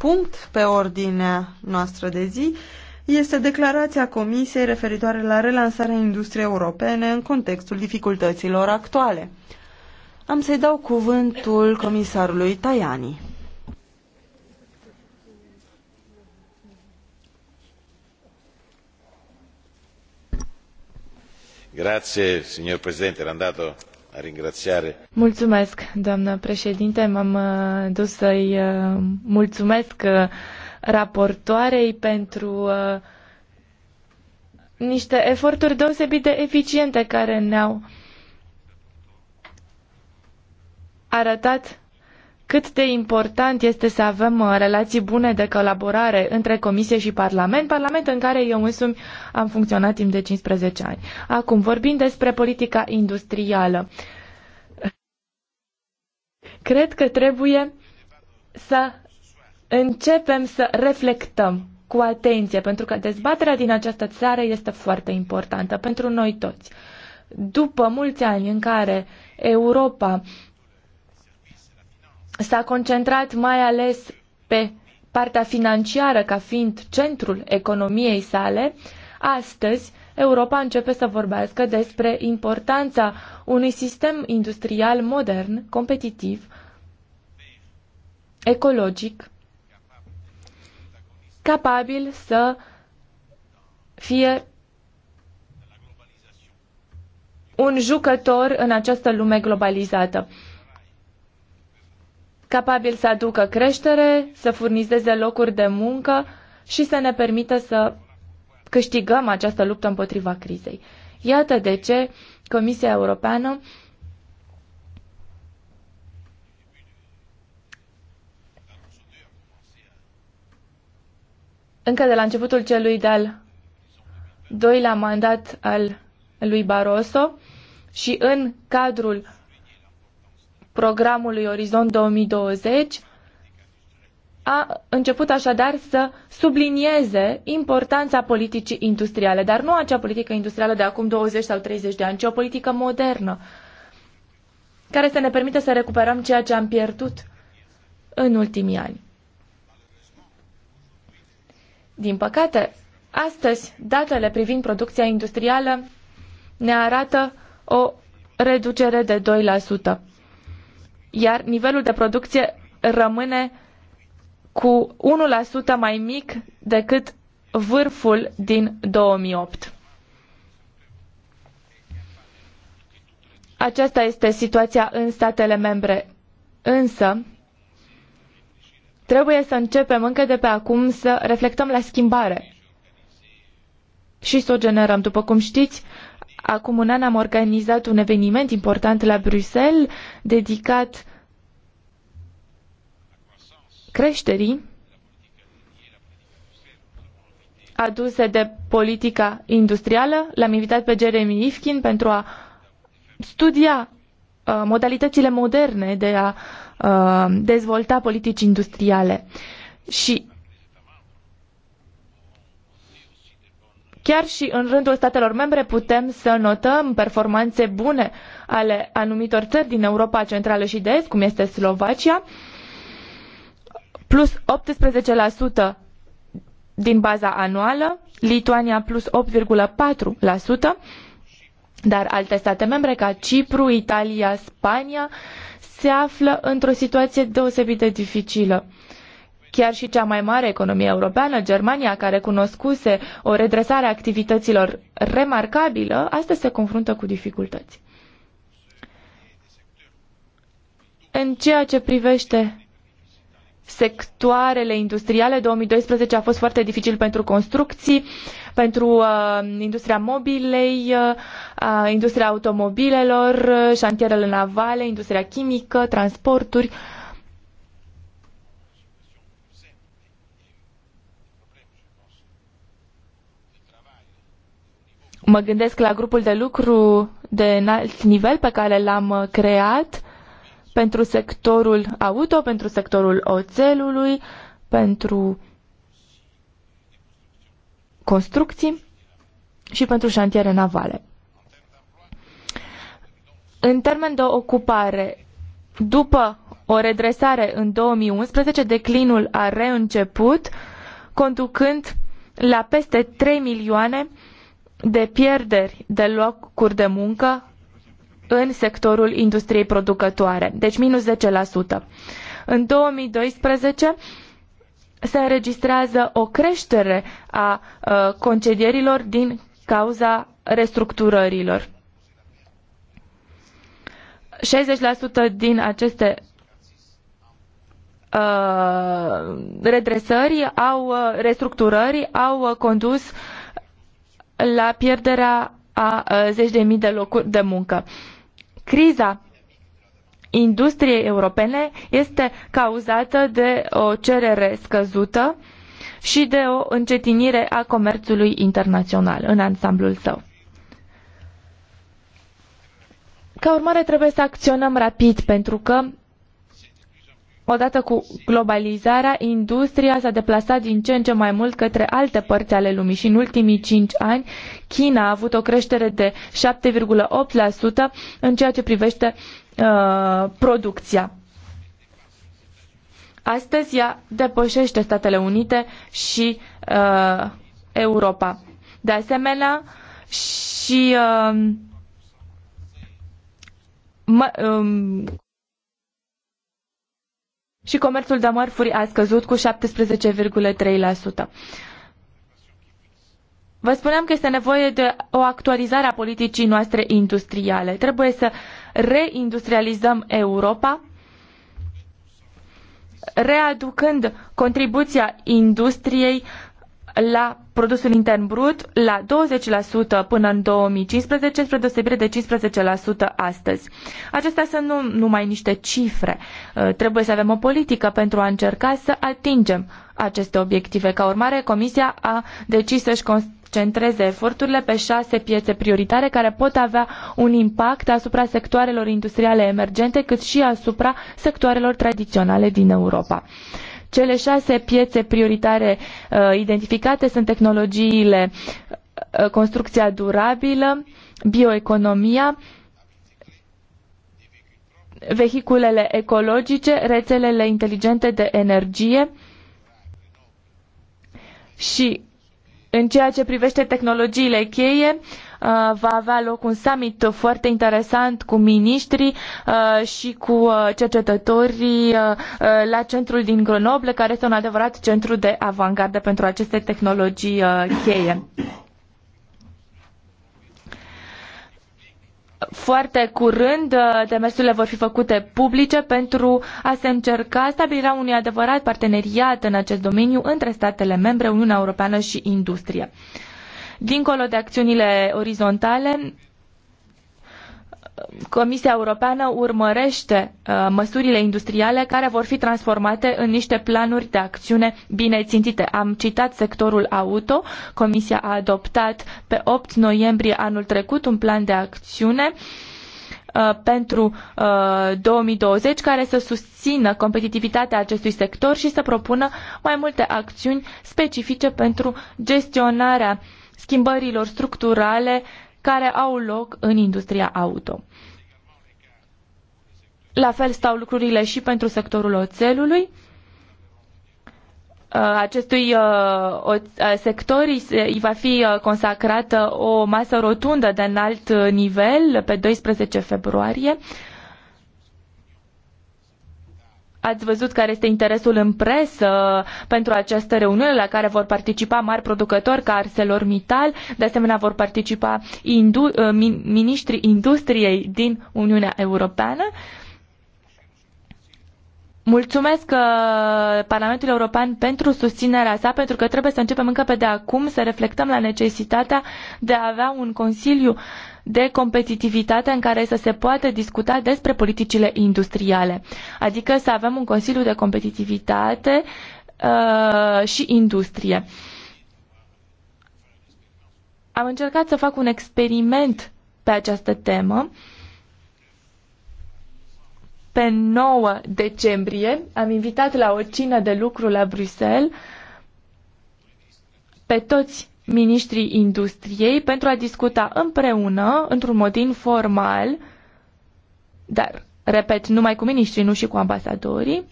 punct pe ordinea noastră de zi este declarația Comisiei referitoare la relansarea industriei europene în contextul dificultăților actuale. Am să-i dau cuvântul comisarului Tajani. Grazie, signor Presidente, era andato Mulțumesc, doamnă președinte. M-am uh, dus să-i uh, mulțumesc uh, raportoarei pentru niște eforturi deosebit de eficiente care ne-au arătat cât de important este să avem uh, relații bune de colaborare între Comisie și Parlament, Parlament în care eu însumi am funcționat timp de 15 ani. Acum, vorbind despre politica industrială, cred că trebuie să începem să reflectăm cu atenție, pentru că dezbaterea din această țară este foarte importantă pentru noi toți. După mulți ani în care Europa s-a concentrat mai ales pe partea financiară ca fiind centrul economiei sale, astăzi Europa începe să vorbească despre importanța unui sistem industrial modern, competitiv, ecologic, capabil să fie un jucător în această lume globalizată capabil să aducă creștere, să furnizeze locuri de muncă și să ne permită să câștigăm această luptă împotriva crizei. Iată de ce Comisia Europeană încă de la începutul celui de-al doilea mandat al lui Barroso și în cadrul programului Orizont 2020 a început așadar să sublinieze importanța politicii industriale, dar nu acea politică industrială de acum 20 sau 30 de ani, ci o politică modernă care să ne permită să recuperăm ceea ce am pierdut în ultimii ani. Din păcate, astăzi datele privind producția industrială ne arată o reducere de 2% iar nivelul de producție rămâne cu 1% mai mic decât vârful din 2008. Aceasta este situația în statele membre. Însă, trebuie să începem încă de pe acum să reflectăm la schimbare și să o generăm. După cum știți, Acum un an am organizat un eveniment important la Bruxelles dedicat creșterii aduse de politica industrială. L-am invitat pe Jeremy Ifkin pentru a studia uh, modalitățile moderne de a uh, dezvolta politici industriale. Și Chiar și în rândul statelor membre putem să notăm performanțe bune ale anumitor țări din Europa Centrală și de Est, cum este Slovacia, plus 18% din baza anuală, Lituania plus 8,4%, dar alte state membre ca Cipru, Italia, Spania se află într-o situație deosebit de dificilă. Chiar și cea mai mare economie europeană, Germania, care cunoscuse o redresare a activităților remarcabilă, astăzi se confruntă cu dificultăți. În ceea ce privește sectoarele industriale, 2012 a fost foarte dificil pentru construcții, pentru uh, industria mobilei, uh, industria automobilelor, șantierele navale, industria chimică, transporturi. Uh, Mă gândesc la grupul de lucru de înalt nivel pe care l-am uh, creat pentru sectorul auto, pentru sectorul oțelului, pentru construcții și pentru șantiere navale. În termen de ocupare, după o redresare în 2011, declinul a reînceput, conducând la peste 3 milioane de pierderi de locuri de muncă în sectorul industriei producătoare, deci minus 10%. În 2012 se înregistrează o creștere a uh, concedierilor din cauza restructurărilor. 60% din aceste uh, redresări au uh, restructurări au uh, condus uh, la pierderea a zeci de mii de locuri de muncă. Criza industriei europene este cauzată de o cerere scăzută și de o încetinire a comerțului internațional în ansamblul său. Ca urmare, trebuie să acționăm rapid pentru că Odată cu globalizarea, industria s-a deplasat din ce în ce mai mult către alte părți ale lumii și în ultimii cinci ani China a avut o creștere de 7,8% în ceea ce privește uh, producția. Astăzi ea depășește Statele Unite și uh, Europa. De asemenea, și uh, mă, um, și comerțul de mărfuri a scăzut cu 17,3%. Vă spuneam că este nevoie de o actualizare a politicii noastre industriale. Trebuie să reindustrializăm Europa, readucând contribuția industriei la produsul intern brut la 20% până în 2015, spre deosebire de 15% astăzi. Acestea sunt nu numai niște cifre. Uh, trebuie să avem o politică pentru a încerca să atingem aceste obiective. Ca urmare, Comisia a decis să-și concentreze eforturile pe șase piețe prioritare care pot avea un impact asupra sectoarelor industriale emergente, cât și asupra sectoarelor tradiționale din Europa. Cele șase piețe prioritare uh, identificate sunt tehnologiile, uh, construcția durabilă, bioeconomia, vehiculele ecologice, rețelele inteligente de energie și în ceea ce privește tehnologiile cheie, Uh, va avea loc un summit foarte interesant cu miniștrii uh, și cu uh, cercetătorii la centrul din Grenoble, care este un adevărat centru de avangardă pentru aceste tehnologii cheie. foarte curând demersurile vor fi făcute publice pentru a se încerca stabilirea unui adevărat parteneriat în acest domeniu între statele membre, Uniunea Europeană și industrie. Dincolo de acțiunile orizontale, Comisia Europeană urmărește uh, măsurile industriale care vor fi transformate în niște planuri de acțiune bine țintite. Am citat sectorul auto. Comisia a adoptat pe 8 noiembrie anul trecut un plan de acțiune uh, pentru uh, 2020 care să susțină competitivitatea acestui sector și să propună mai multe acțiuni specifice pentru gestionarea uh, schimbărilor structurale care au loc în industria auto. La fel stau lucrurile și pentru sectorul oțelului. Uh, acestui uh, uh, sector îi va fi consacrată o masă rotundă de înalt nivel pe 12 februarie. Ați văzut care este interesul în presă pentru această reuniune la care vor participa mari producători ca ArcelorMittal, de asemenea vor participa indu- uh, industriei din Uniunea Europeană. Mulțumesc uh, Parlamentul European pentru susținerea sa, pentru că trebuie să începem încă pe de acum să reflectăm la necesitatea de a avea un Consiliu de competitivitate în care să se poată discuta despre politicile industriale. Adică să avem un Consiliu de Competitivitate uh, și Industrie. Am încercat să fac un experiment pe această temă. Pe 9 decembrie am invitat la o cină de lucru la Bruxelles pe toți ministrii industriei pentru a discuta împreună, într-un mod informal, dar, repet, numai cu ministrii, nu și cu ambasadorii,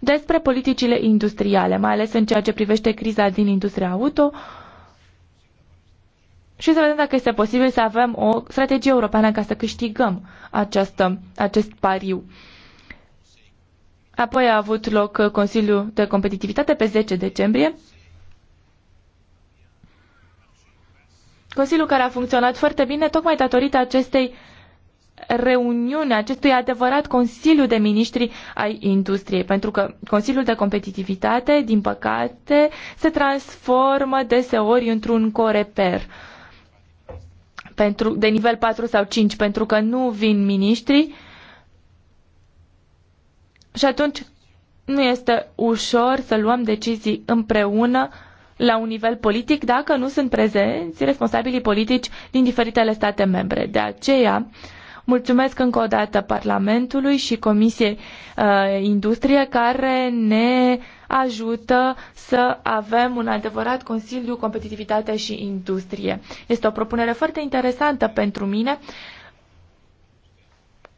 despre politicile industriale, mai ales în ceea ce privește criza din industria auto, și să vedem dacă este posibil să avem o strategie europeană ca să câștigăm această, acest pariu. Apoi a avut loc Consiliul de Competitivitate pe 10 decembrie, Consiliul care a funcționat foarte bine tocmai datorită acestei reuniune, acestui adevărat Consiliu de Ministri ai Industriei, pentru că Consiliul de Competitivitate, din păcate, se transformă deseori într-un coreper pentru, de nivel 4 sau 5, pentru că nu vin miniștri și atunci nu este ușor să luăm decizii împreună la un nivel politic dacă nu sunt prezenți responsabilii politici din diferitele state membre. De aceea, mulțumesc încă o dată Parlamentului și Comisiei uh, Industrie care ne ajută să avem un adevărat Consiliu Competitivitate și Industrie. Este o propunere foarte interesantă pentru mine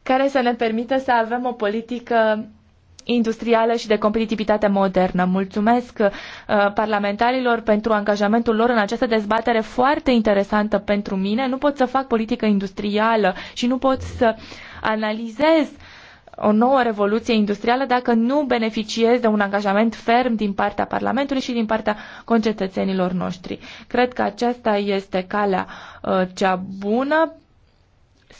care să ne permită să avem o politică industrială și de competitivitate modernă. Mulțumesc uh, parlamentarilor pentru angajamentul lor în această dezbatere foarte interesantă pentru mine. Nu pot să fac politică industrială și nu pot să analizez o nouă revoluție industrială dacă nu beneficiez de un angajament ferm din partea Parlamentului și din partea concetățenilor noștri. Cred că aceasta este calea uh, cea bună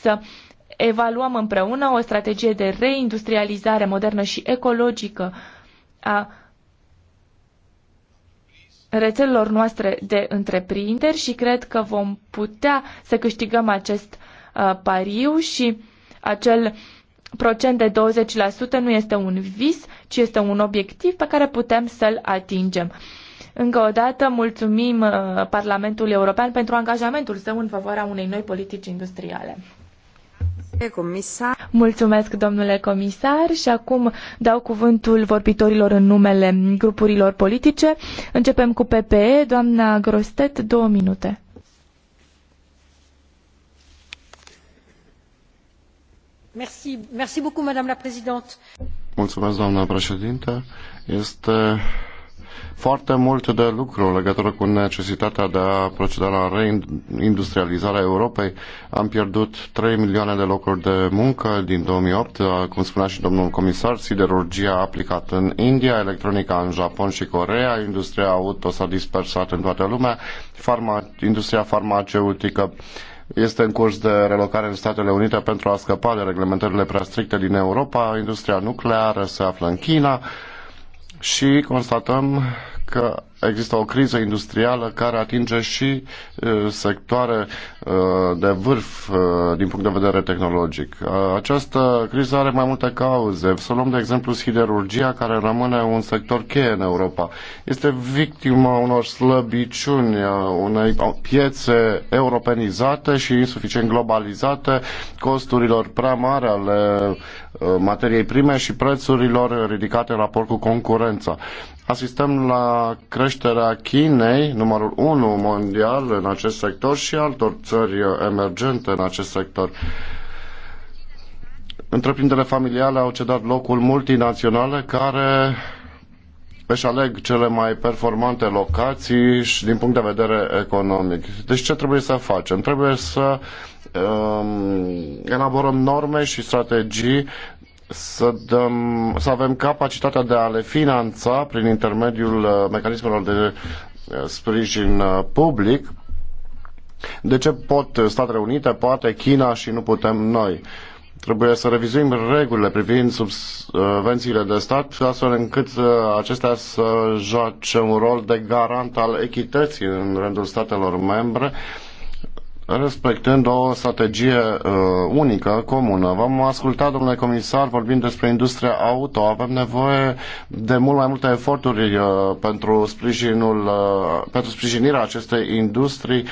să uh, evaluăm împreună o strategie de reindustrializare modernă și ecologică a rețelelor noastre de întreprinderi și cred că vom putea să câștigăm acest uh, pariu și acel procent de 20% nu este un vis, ci este un obiectiv pe care putem să-l atingem. Încă o dată mulțumim uh, Parlamentului European pentru angajamentul său în favoarea unei noi politici industriale. Mulțumesc, domnule comisar, și acum dau cuvântul vorbitorilor în numele grupurilor politice. Începem cu PPE, doamna Grostet, două minute. Merci, merci beaucoup, Mulțumesc, doamna președinte. Este foarte mult de lucru în legătură cu necesitatea de a proceda la reindustrializarea Europei. Am pierdut 3 milioane de locuri de muncă din 2008, cum spunea și domnul comisar, siderurgia aplicată în India, electronica în Japon și Corea, industria auto s-a dispersat în toată lumea, farma, industria farmaceutică este în curs de relocare în Statele Unite pentru a scăpa de reglementările prea stricte din Europa, industria nucleară se află în China, și constatăm că există o criză industrială care atinge și uh, sectoare uh, de vârf uh, din punct de vedere tehnologic. Această criză are mai multe cauze. Să luăm de exemplu siderurgia, care rămâne un sector cheie în Europa. Este victima unor slăbiciuni, unei piețe europenizate și insuficient globalizate, costurilor prea mari ale materiei prime și prețurilor ridicate în raport cu concurența asistăm la creșterea Chinei, numărul 1 mondial în acest sector și altor țări emergente în acest sector. Întreprinderile familiale au cedat locul multinaționale care își aleg cele mai performante locații și din punct de vedere economic. Deci ce trebuie să facem? Trebuie să um, elaborăm norme și strategii să, dăm, să avem capacitatea de a le finanța prin intermediul uh, mecanismelor de uh, sprijin uh, public. De ce pot Statele Unite, poate China și nu putem noi? Trebuie să revizuim regulile privind subvențiile de stat astfel încât acestea să joace un rol de garant al echității în rândul statelor membre respectând o strategie uh, unică, comună. V-am ascultat, domnule comisar, vorbind despre industria auto. Avem nevoie de mult mai multe eforturi uh, pentru, sprijinul, uh, pentru sprijinirea acestei industrii,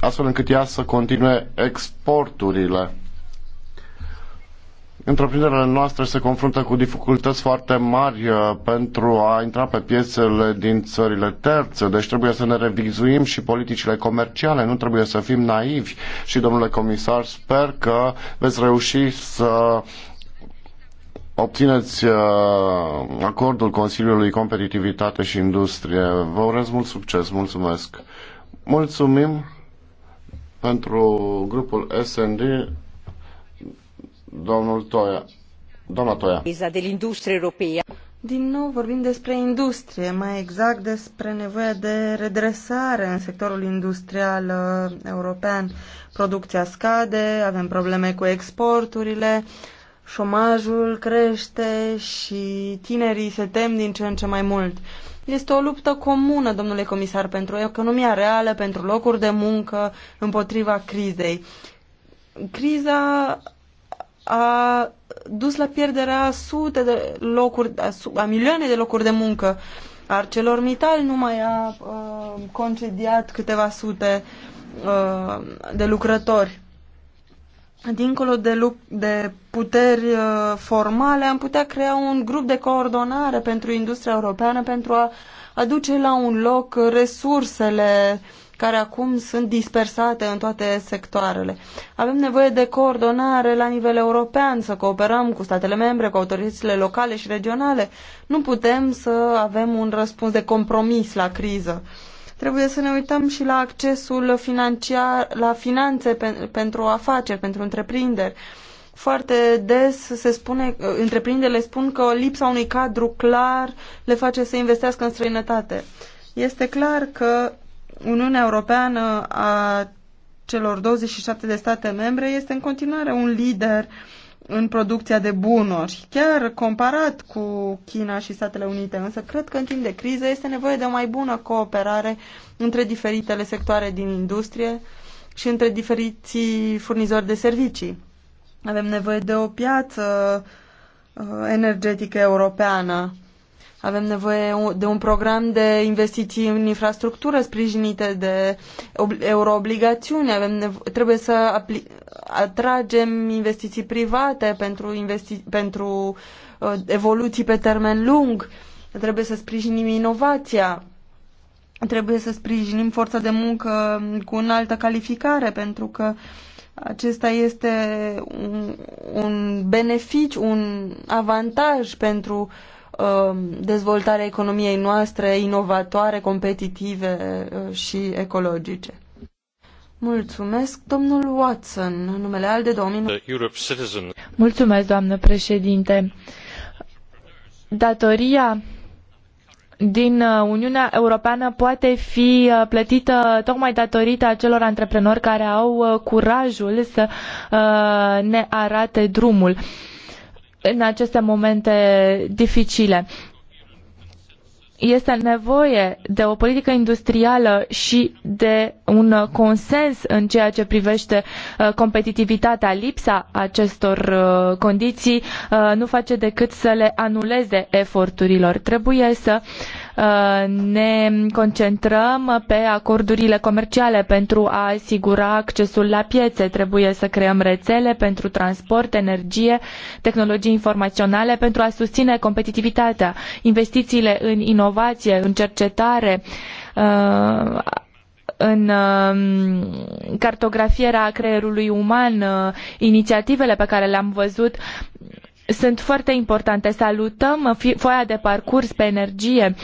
astfel încât ea să continue exporturile. Întreprinderile noastre se confruntă cu dificultăți foarte mari uh, pentru a intra pe piețele din țările terțe, deci trebuie să ne revizuim și politicile comerciale, nu trebuie să fim naivi. Și, domnule comisar, sper că veți reuși să obțineți uh, acordul Consiliului Competitivitate și Industrie. Vă urez mult succes, mulțumesc. Mulțumim pentru grupul SND Domnul Toia. Doamna Toia. Din nou vorbim despre industrie, mai exact despre nevoia de redresare în sectorul industrial uh, european. Producția scade, avem probleme cu exporturile, șomajul crește și tinerii se tem din ce în ce mai mult. Este o luptă comună, domnule comisar, pentru economia reală, pentru locuri de muncă, împotriva crizei. Criza a dus la pierderea a sute de locuri, a, a milioane de locuri de muncă. ArcelorMittal nu mai a a concediat câteva sute a, de lucrători. Dincolo de, lu- de puteri a, formale, am putea crea un grup de coordonare pentru industria europeană pentru a aduce la un loc resursele care acum sunt dispersate în toate sectoarele. Avem nevoie de coordonare la nivel european, să cooperăm cu statele membre, cu autoritățile locale și regionale. Nu putem să avem un răspuns de compromis la criză. Trebuie să ne uităm și la accesul financiar, la finanțe pe, pentru afaceri, pentru întreprinderi foarte des se spune, întreprinderile spun că lipsa unui cadru clar le face să investească în străinătate. Este clar că Uniunea Europeană a celor 27 de state membre este în continuare un lider în producția de bunuri, chiar comparat cu China și Statele Unite. Însă cred că în timp de criză este nevoie de o mai bună cooperare între diferitele sectoare din industrie și între diferiții furnizori de servicii. Avem nevoie de o piață uh, energetică europeană avem nevoie de un program de investiții în infrastructură sprijinite de euroobligațiuni. Avem trebuie să atragem investiții private pentru, investi- pentru uh, evoluții pe termen lung. Trebuie să sprijinim inovația. Trebuie să sprijinim forța de muncă cu înaltă calificare pentru că acesta este un, un beneficiu, un avantaj pentru uh, Um, dezvoltarea economiei noastre inovatoare, competitive uh, și ecologice. Mulțumesc, domnul Watson, numele al de domnul. Mulțumesc, doamnă președinte. Datoria din uh, Uniunea Europeană poate fi uh, plătită tocmai datorită acelor antreprenori care au curajul să ne arate drumul în aceste momente dificile. Este nevoie de o politică industrială și de un consens în ceea ce privește uh, competitivitatea. Lipsa acestor uh, condiții uh, nu face decât să le anuleze eforturilor. Trebuie să uh, Uh, ne concentrăm pe acordurile comerciale pentru a asigura accesul la piețe. Trebuie să creăm rețele pentru transport, energie, tehnologii informaționale pentru a susține competitivitatea, investițiile în inovație, în cercetare, uh, în um, cartografierea creierului uman, uh, inițiativele pe care le-am văzut sunt foarte importante. Salutăm foaia de parcurs pe energie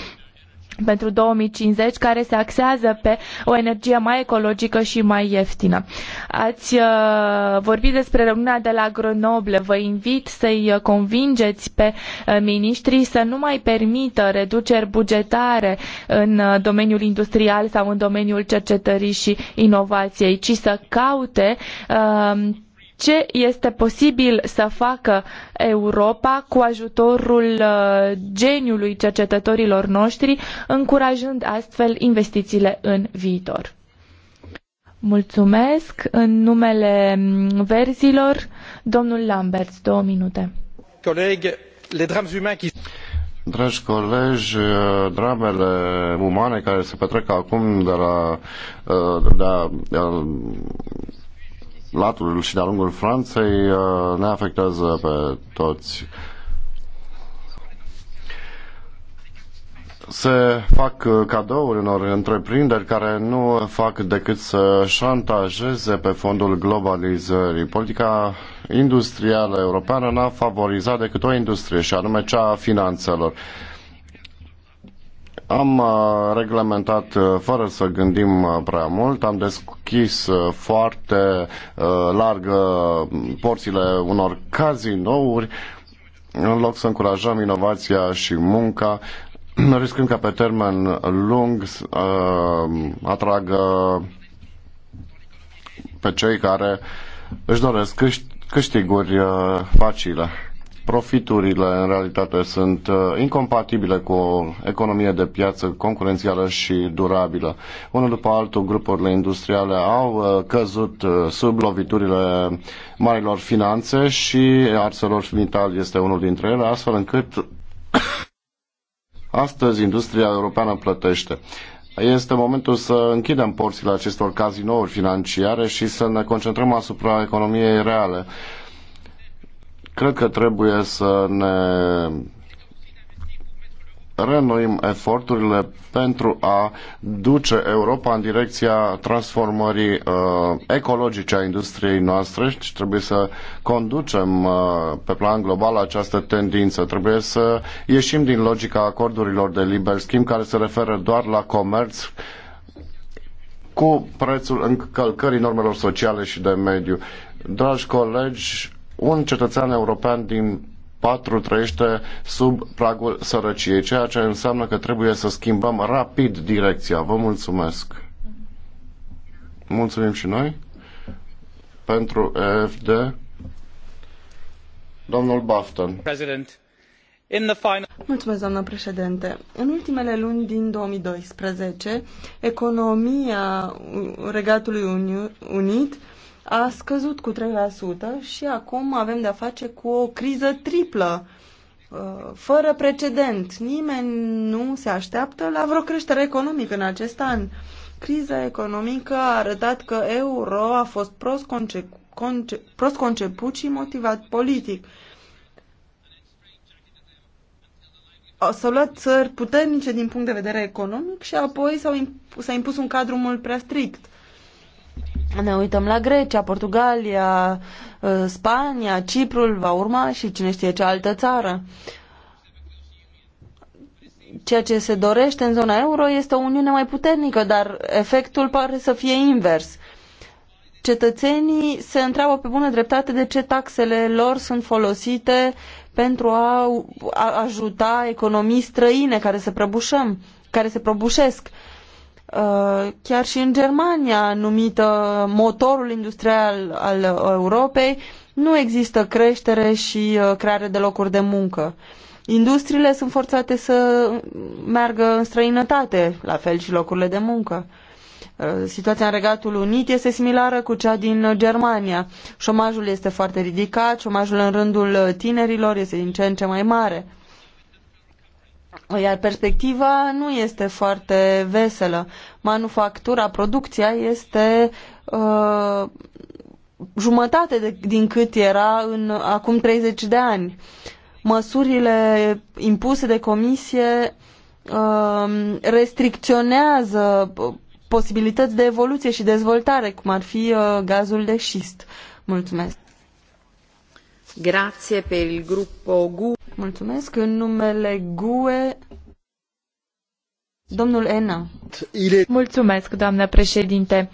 pentru 2050 care se axează pe o energie mai ecologică și mai ieftină. Ați uh, vorbit despre reuniunea de la Grenoble. Vă invit să-i uh, convingeți pe uh, să nu mai permită reduceri bugetare în uh, domeniul industrial sau în domeniul cercetării și inovației, ci să caute uh, ce este posibil să facă Europa cu ajutorul uh, geniului cercetătorilor noștri, încurajând astfel investițiile în viitor. Mulțumesc. În numele mm, verzilor, domnul Lamberts, două minute. Coleg, le drame humains qui... Dragi colegi, uh, dramele umane care se petrec acum de la, uh, de la latul și de-a lungul Franței uh, ne afectează pe toți. se fac uh, cadouri unor întreprinderi care nu fac decât să șantajeze pe fondul globalizării. Politica industrială europeană n-a favorizat decât o industrie, și anume cea a finanțelor. Am uh, reglementat uh, fără să gândim uh, prea mult, am deschis foarte larg porțile unor cazinouri, în loc să încurajăm inovația și munca, riscând ca pe termen lung să atragă pe cei care își doresc câștiguri facile profiturile în realitate sunt uh, incompatibile cu o economie de piață concurențială și durabilă. Unul după altul, grupurile industriale au uh, căzut uh, sub loviturile marilor finanțe și ArcelorMittal este unul dintre ele, astfel încât astăzi industria europeană plătește. Este momentul să închidem porțile acestor cazinouri financiare și să ne concentrăm asupra economiei reale. Cred că trebuie să ne renoim eforturile pentru a duce Europa în direcția transformării uh, ecologice a industriei noastre și trebuie să conducem uh, pe plan global această tendință. Trebuie să ieșim din logica acordurilor de liber schimb care se referă doar la comerț cu prețul încălcării normelor sociale și de mediu. Dragi colegi, un cetățean european din patru trăiește sub pragul sărăciei, ceea ce înseamnă că trebuie să schimbăm rapid direcția. Vă mulțumesc! Mulțumim și noi pentru EFD. Domnul Bafton. President. Mulțumesc, doamnă președinte. În ultimele luni din 2012, economia Regatului Unit a scăzut cu 3% și acum avem de-a face cu o criză triplă, uh, fără precedent. Nimeni nu se așteaptă la vreo creștere economică în acest an. Criza economică a arătat că euro a fost prost, conce- conce- prost conceput și motivat politic. S-au luat țări puternice din punct de vedere economic și apoi s-a impus un cadru mult prea strict. Ne uităm la Grecia, Portugalia, uh, Spania, Ciprul va urma și cine știe ce altă țară. Ceea ce se dorește în zona euro este o uniune mai puternică, dar efectul pare să fie invers. Cetățenii se întreabă pe bună dreptate de ce taxele lor sunt folosite pentru a ajuta economii străine care se prăbușăm, care se prăbușesc Uh, chiar și în Germania, numită motorul industrial al uh, Europei, nu există creștere și uh, creare de locuri de muncă. Industriile sunt forțate să meargă în străinătate, la fel și locurile de muncă. Situația în Regatul Unit este similară cu cea din Germania. Șomajul este foarte ridicat, șomajul în rândul tinerilor este din ce în ce mai mare iar perspectiva nu este foarte veselă. Manufactura, producția este uh, jumătate de, din cât era în, acum 30 de ani. Măsurile impuse de comisie uh, restricționează posibilități de evoluție și dezvoltare, cum ar fi uh, gazul de șist. Mulțumesc. Grazie per il gruppo GU. Mulțumesc. În numele GUE, domnul Ena. Mulțumesc, doamnă președinte.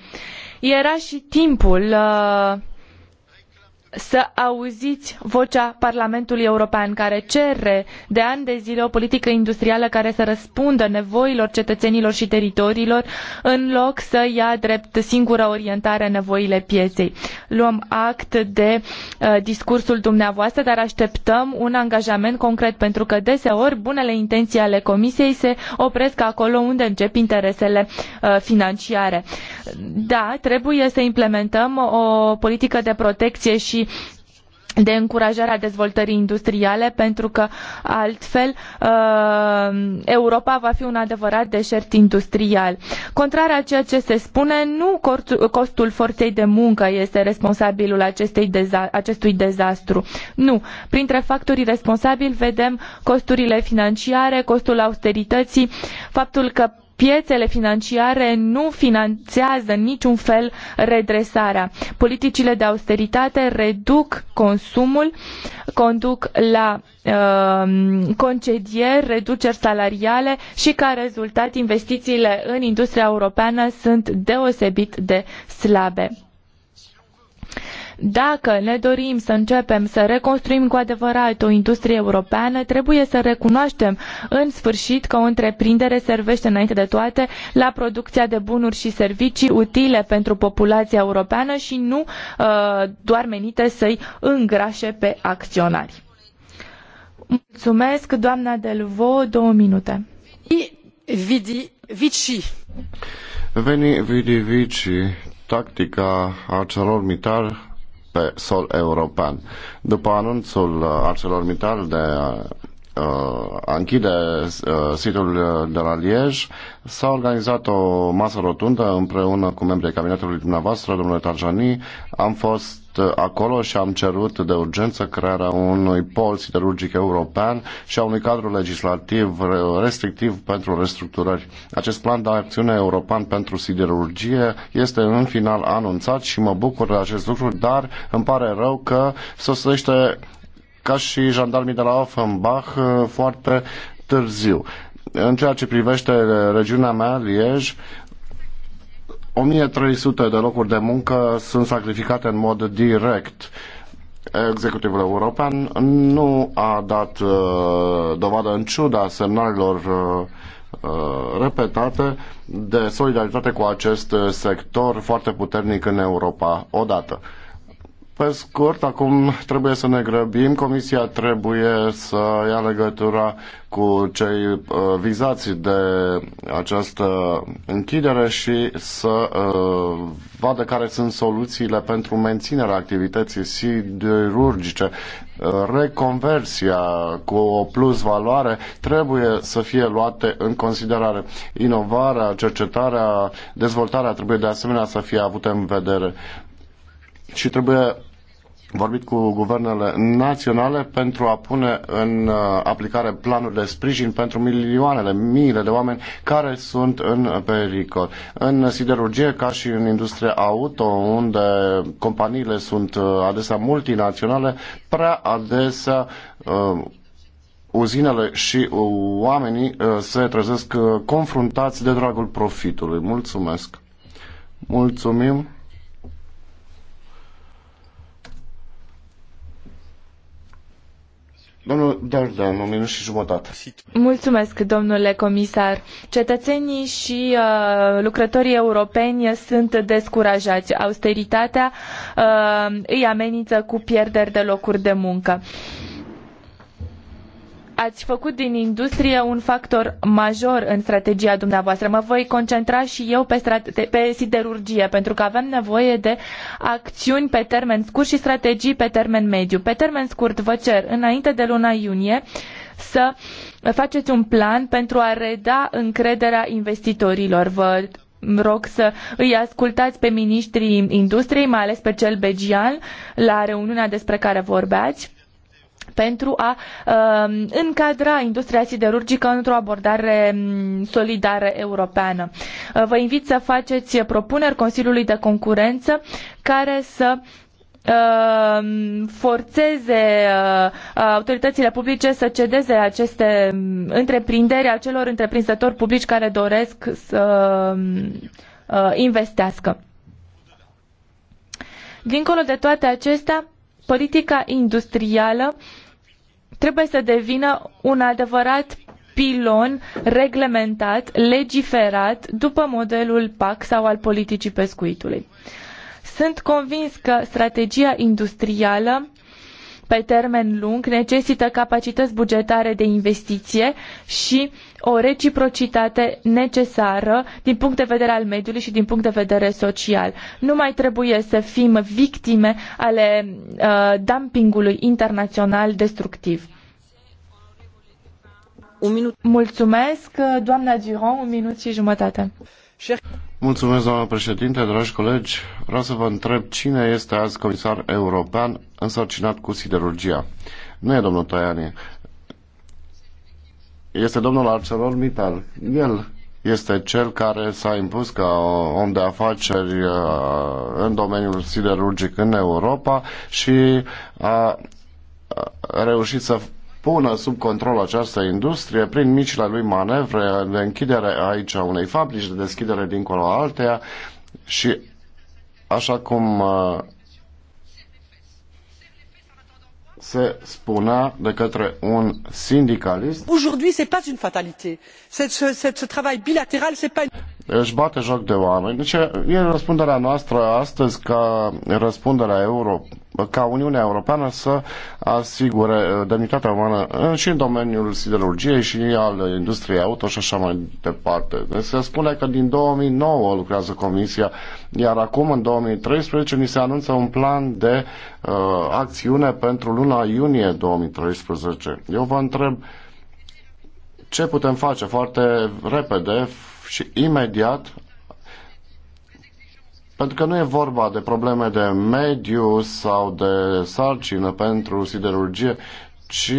Era și timpul uh să auziți vocea Parlamentului European care cere de ani de zile o politică industrială care să răspundă nevoilor cetățenilor și teritoriilor în loc să ia drept singură orientare nevoile pieței. Luăm act de uh, discursul dumneavoastră, dar așteptăm un angajament concret pentru că deseori bunele intenții ale Comisiei se opresc acolo unde încep interesele uh, financiare. Da, trebuie să implementăm o politică de protecție și de încurajarea dezvoltării industriale, pentru că altfel uh, Europa va fi un adevărat deșert industrial. Contrar a ceea ce se spune, nu costul forței de muncă este responsabilul acestei deza- acestui dezastru. Nu. Printre factorii responsabili vedem costurile financiare, costul austerității, faptul că piețele financiare nu finanțează în niciun fel redresarea. Politicile de austeritate reduc consumul, conduc la uh, concedieri, reduceri salariale și ca rezultat investițiile în industria europeană sunt deosebit de slabe. Dacă ne dorim să începem să reconstruim cu adevărat o industrie europeană, trebuie să recunoaștem în sfârșit că o întreprindere servește înainte de toate la producția de bunuri și servicii utile pentru populația europeană și nu uh, doar menite să-i îngrașe pe acționari. Mulțumesc, doamna Delvo, două minute. Vidi Vici. Veni Vidi Vici, tactica ArcelorMittal pe sol european. După anunțul ArcelorMittal de a închide situl de la Liej, s-a organizat o masă rotundă împreună cu membrii cabinetului dumneavoastră, domnule Tarjani. Am fost acolo și am cerut de urgență crearea unui pol siderurgic european și a unui cadru legislativ restrictiv pentru restructurări. Acest plan de acțiune european pentru siderurgie este în final anunțat și mă bucur de acest lucru, dar îmi pare rău că sosește ca și jandarmii de la Offenbach uh, foarte târziu. În ceea ce privește regiunea mea, Liege, 1300 de locuri de muncă sunt sacrificate în mod direct. Executivul european nu a dat uh, dovadă în ciuda semnalilor uh, repetate de solidaritate cu acest sector foarte puternic în Europa odată. Pe scurt, acum trebuie să ne grăbim. Comisia trebuie să ia legătura cu cei uh, vizați de această închidere și să uh, vadă care sunt soluțiile pentru menținerea activității siderurgice. Uh, reconversia cu o plus valoare trebuie să fie luate în considerare. Inovarea, cercetarea, dezvoltarea trebuie de asemenea să fie avute în vedere și trebuie vorbit cu guvernele naționale pentru a pune în uh, aplicare planuri de sprijin pentru milioanele, miile de oameni care sunt în pericol. În siderurgie, ca și în industria auto, unde companiile sunt uh, adesea multinaționale, prea adesea uh, uzinele și oamenii se trezesc confruntați de dragul profitului. Mulțumesc! Mulțumim! Domnul Dardan, minut și jumătate. Mulțumesc, domnule comisar. Cetățenii și uh, lucrătorii europeni sunt descurajați. Austeritatea uh, îi amenință cu pierderi de locuri de muncă. Uh, ați făcut din industrie un factor major în strategia dumneavoastră. Mă voi concentra și eu pe, strate- pe siderurgie, pentru că avem nevoie de acțiuni pe termen scurt și strategii pe termen mediu. Pe termen scurt, vă cer, înainte de luna iunie, să faceți un plan pentru a reda încrederea investitorilor. Vă rog să îi ascultați pe ministrii industriei, mai ales pe cel belgian, la reuniunea despre care vorbeați pentru a uh, încadra industria siderurgică într-o abordare um, solidară europeană. Uh, vă invit să faceți propuneri Consiliului de Concurență care să um, forțeze uh, autoritățile publice să cedeze aceste întreprinderi acelor întreprinzători publici care doresc să uh, investească. Dincolo de toate acestea, politica industrială uh, trebuie să devină un adevărat pilon reglementat, legiferat, după modelul PAC sau al politicii pescuitului. Sunt convins că strategia industrială pe termen lung necesită capacități bugetare de investiție și o reciprocitate necesară din punct de vedere al mediului și din punct de vedere social. Nu mai trebuie să fim victime ale uh, dumpingului internațional destructiv. Un minut. Mulțumesc, doamna Giron, un minut și jumătate. Mulțumesc, doamna președinte, dragi colegi. Vreau să vă întreb cine este azi comisar european însărcinat cu siderurgia. Nu e domnul Tajani. Este domnul ArcelorMittal. El este cel care s-a impus ca om de afaceri uh, în domeniul siderurgic în Europa și a reușit să pună sub control această industrie prin micile lui manevre de închidere aici a unei fabrici, de deschidere dincolo a alteia și așa cum uh, se spunea de către un sindicalist. Aujourd'hui, c'est pas une fatalité. Ce travail bilateral, c'est pas își bate joc de oameni. Deci e răspunderea noastră astăzi ca răspunderea Europei ca Uniunea Europeană să asigure uh, demnitatea umană și în domeniul siderurgiei și al industriei auto și așa mai departe. Deci se spune că din 2009 lucrează Comisia, iar acum în 2013 ni se anunță un plan de uh, acțiune pentru luna iunie 2013. Eu vă întreb ce putem face foarte repede și imediat pentru că nu e vorba de probleme de mediu sau de sarcină pentru siderurgie, ci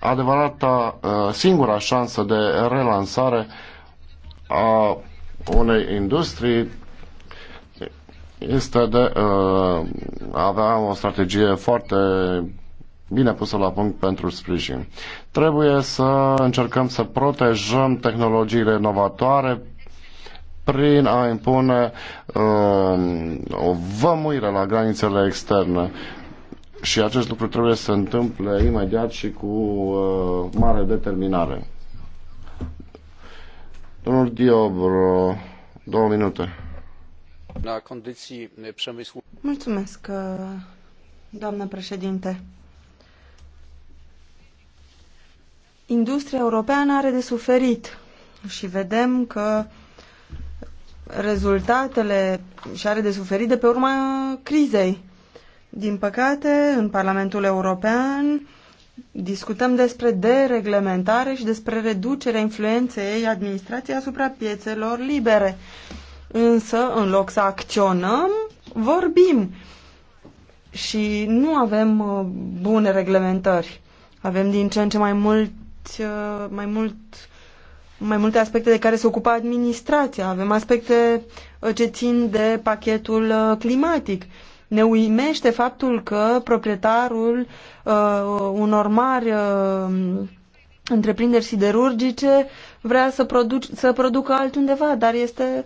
adevărata, uh, singura șansă de relansare a unei industrii este de uh, a avea o strategie foarte bine pusă la punct pentru sprijin. Trebuie să încercăm să protejăm tehnologiile inovatoare prin a impune uh, o vămuire la granițele externe. Și acest lucru trebuie să se întâmple imediat și cu uh, mare determinare. Domnul Diobro, două minute. La condiții nepremisul. Mulțumesc, uh, doamnă președinte. Industria europeană are de suferit și vedem că rezultatele și are de suferit de pe urma crizei. Din păcate, în Parlamentul European discutăm despre dereglementare și despre reducerea influenței administrației asupra piețelor libere. Însă, în loc să acționăm, vorbim și nu avem uh, bune reglementări. Avem din ce în ce mai mult, uh, mai mult mai multe aspecte de care se ocupa administrația, avem aspecte uh, ce țin de pachetul uh, climatic. Ne uimește faptul că proprietarul uh, unor mari uh, întreprinderi siderurgice vrea să, produc, să producă altundeva, dar este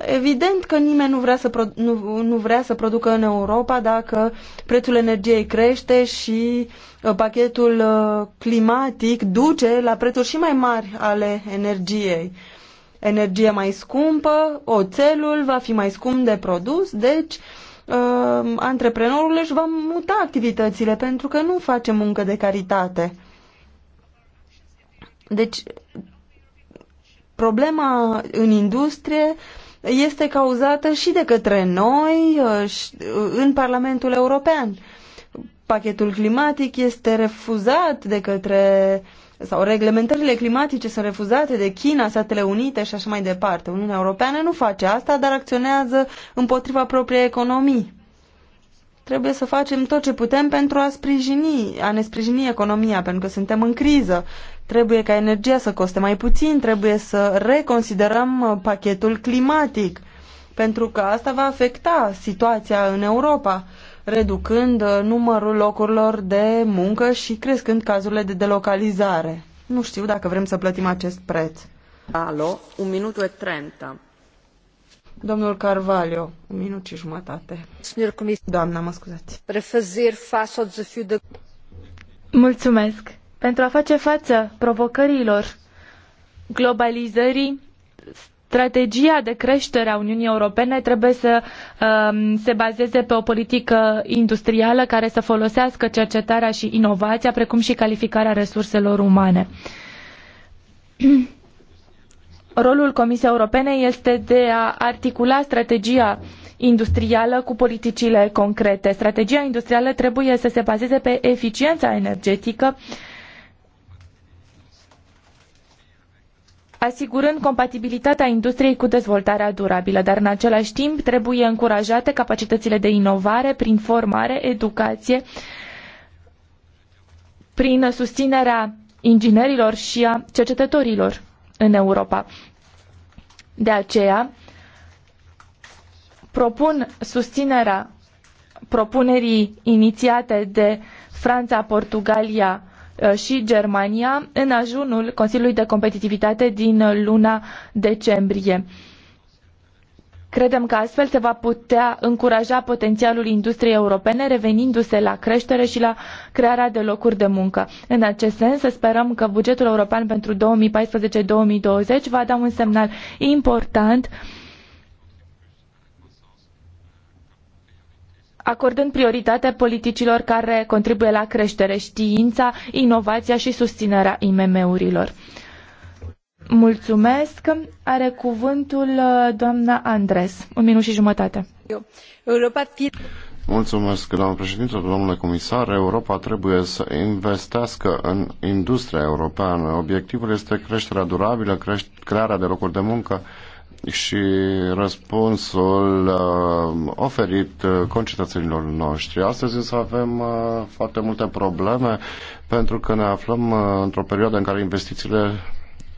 Evident că nimeni nu vrea, să nu, nu vrea să producă în Europa dacă prețul energiei crește și uh, pachetul uh, climatic duce la prețuri și mai mari ale energiei. Energie mai scumpă, oțelul va fi mai scump de produs, deci uh, antreprenorul își va muta activitățile pentru că nu face muncă de caritate. Deci, problema în industrie uh, este cauzată și de către noi uh, uh, în Parlamentul European. Pachetul climatic este refuzat de către sau reglementările climatice sunt refuzate de China, Statele Unite și așa mai departe. Uniunea Europeană nu face asta, dar acționează împotriva propriei economii. Trebuie să facem tot ce putem pentru a sprijini, a ne sprijini economia, pentru că suntem în criză Trebuie ca energia să coste mai puțin, trebuie să reconsiderăm uh, pachetul climatic, pentru că asta va afecta situația în Europa, reducând uh, numărul locurilor de muncă și crescând cazurile de delocalizare. Nu știu dacă vrem să plătim acest preț. Alo, un minut e 30. Domnul Carvalho, un minut și jumătate. Doamna, mă scuzați. Mulțumesc. Pentru a face față provocărilor globalizării, strategia de creștere a Uniunii Europene trebuie să um, se bazeze pe o politică industrială care să folosească cercetarea și inovația, precum și calificarea resurselor umane. Rolul Comisiei Europene este de a articula strategia industrială cu politicile concrete. Strategia industrială trebuie să se bazeze pe eficiența energetică, uh, asigurând compatibilitatea industriei cu dezvoltarea durabilă, dar în același timp trebuie încurajate capacitățile de inovare prin formare, educație, prin susținerea inginerilor și a cercetătorilor în Europa. De aceea, propun susținerea propunerii inițiate de Franța, Portugalia, Uh, și Germania în ajunul Consiliului de Competitivitate din luna decembrie. Credem că astfel se va putea încuraja potențialul industriei europene, revenindu-se la creștere și la crearea de locuri de muncă. În acest sens, sperăm că bugetul european pentru 2014-2020 va da un semnal important uh, acordând prioritate politicilor care contribuie la creștere, știința, inovația și susținerea IMM-urilor. Mulțumesc. Are cuvântul uh, doamna Andres. Un minut și jumătate. Mulțumesc, doamnă președinte, domnule comisar. Europa trebuie să investească în industria europeană. Obiectivul este creșterea durabilă, creș- crearea de locuri de muncă, și răspunsul uh, oferit uh, concetățenilor noștri. Astăzi însă avem uh, foarte multe probleme pentru că ne aflăm într-o perioadă în care investițiile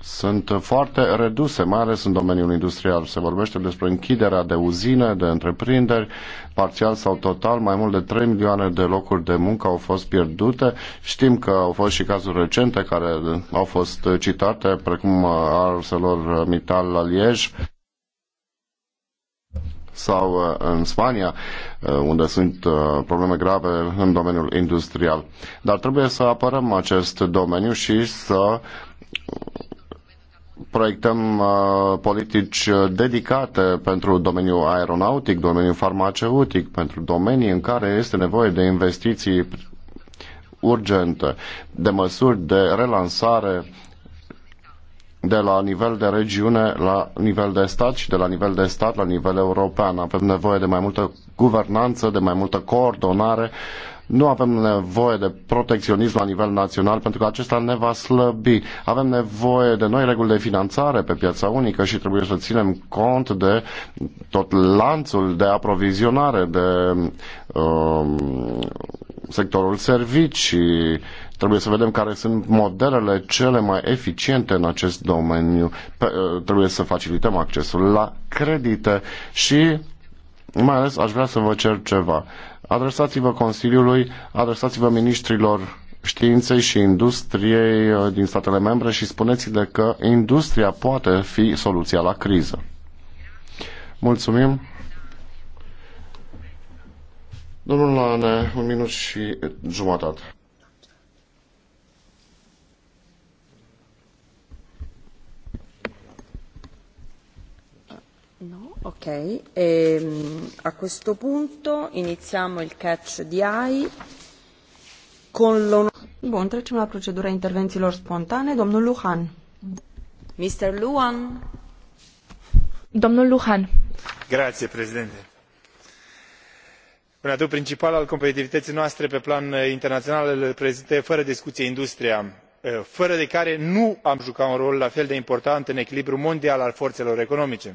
sunt foarte reduse, mai ales în domeniul industrial. Se vorbește despre închiderea de uzine, de întreprinderi, parțial sau total, mai mult de 3 milioane de locuri de muncă au fost pierdute. Știm că au fost și cazuri recente care au fost citate, precum ArcelorMittal la Liege sau uh, în Spania, uh, unde sunt uh, probleme grave în domeniul industrial. Dar trebuie să apărăm acest domeniu și să proiectăm politici dedicate pentru domeniul aeronautic, domeniul farmaceutic, pentru domenii în care este nevoie de investiții urgente, de măsuri de relansare de la nivel de regiune la nivel de stat și de la nivel de stat la nivel european. Avem nevoie de mai multă guvernanță, de mai multă coordonare. Nu avem nevoie de protecționism la nivel național pentru că acesta ne va slăbi. Avem nevoie de noi reguli de finanțare pe piața unică și trebuie să ținem cont de tot lanțul de aprovizionare, de uh, sectorul servicii, Trebuie să vedem care sunt modelele cele mai eficiente în acest domeniu. Pe, uh, trebuie să facilităm accesul la credite și mai ales aș vrea să vă cer ceva. Adresați-vă Consiliului, adresați-vă ministrilor științei și industriei uh, din statele membre și spuneți-le că industria poate fi soluția la criză. Mulțumim. Domnul Lane, un minut și jumătate. Ok, e, ehm, a questo punto iniziamo il catch di AI con l'on... Bun, trecem la procedura intervențiilor spontane. Domnul Luhan. Mr. Luhan. Domnul Luhan. Grazie, președinte. Un atu principal al competitivității noastre pe plan eh, internațional îl reprezintă fără discuție industria, eh, fără de care nu am juca un rol la fel de important în echilibrul mondial al forțelor economice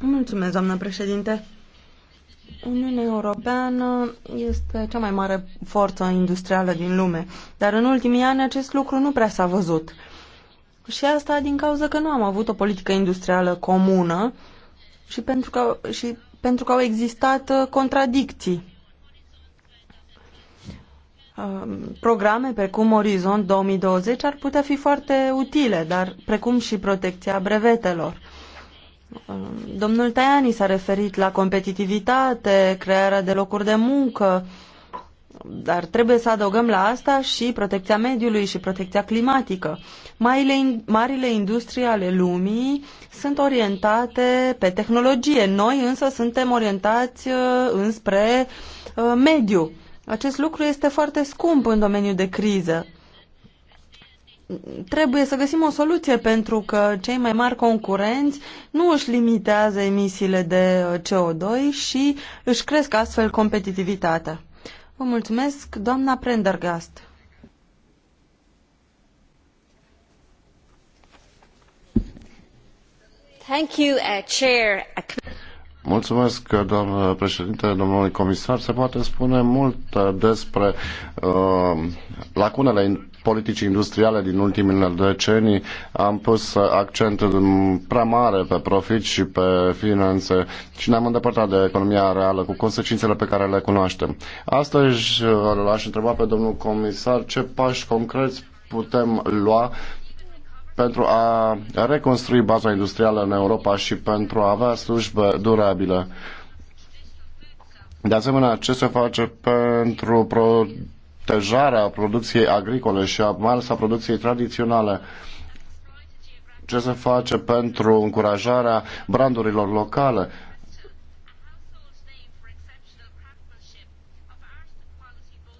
Mulțumesc, doamnă președinte. Uniunea Europeană este cea mai mare forță industrială din lume, dar în ultimii ani acest lucru nu prea s-a văzut. Și asta din cauza că nu am avut o politică industrială comună și pentru că, și pentru că au existat uh, contradicții. Uh, programe precum Orizont 2020 ar putea fi foarte utile, dar precum și protecția brevetelor Um, domnul Tajani s-a referit la competitivitate, crearea de locuri de muncă, dar trebuie să adăugăm la asta și protecția mediului și protecția climatică. Marile, marile industrie ale lumii sunt orientate pe tehnologie, noi însă suntem orientați uh, înspre uh, mediu. Acest lucru este foarte scump în domeniul de criză trebuie să găsim o soluție pentru că cei mai mari concurenți nu își limitează emisiile de uh, CO2 și își cresc astfel competitivitatea. Vă mulțumesc, doamna Prendergast. Thank you, uh, Chair. Mulțumesc, domnule președinte, domnului comisar. Se poate spune mult despre uh, lacunele în politicii industriale din ultimele decenii. Am pus accentul prea mare pe profit și pe finanțe și ne-am îndepărtat de economia reală cu consecințele pe care le cunoaștem. Astăzi uh, l-aș întreba pe domnul comisar ce pași concreți putem lua pentru a reconstrui baza industrială în Europa și pentru a avea slujbe durabile. De asemenea, ce se face pentru protejarea producției agricole și a, mai ales a producției tradiționale? Ce se face pentru încurajarea brandurilor locale?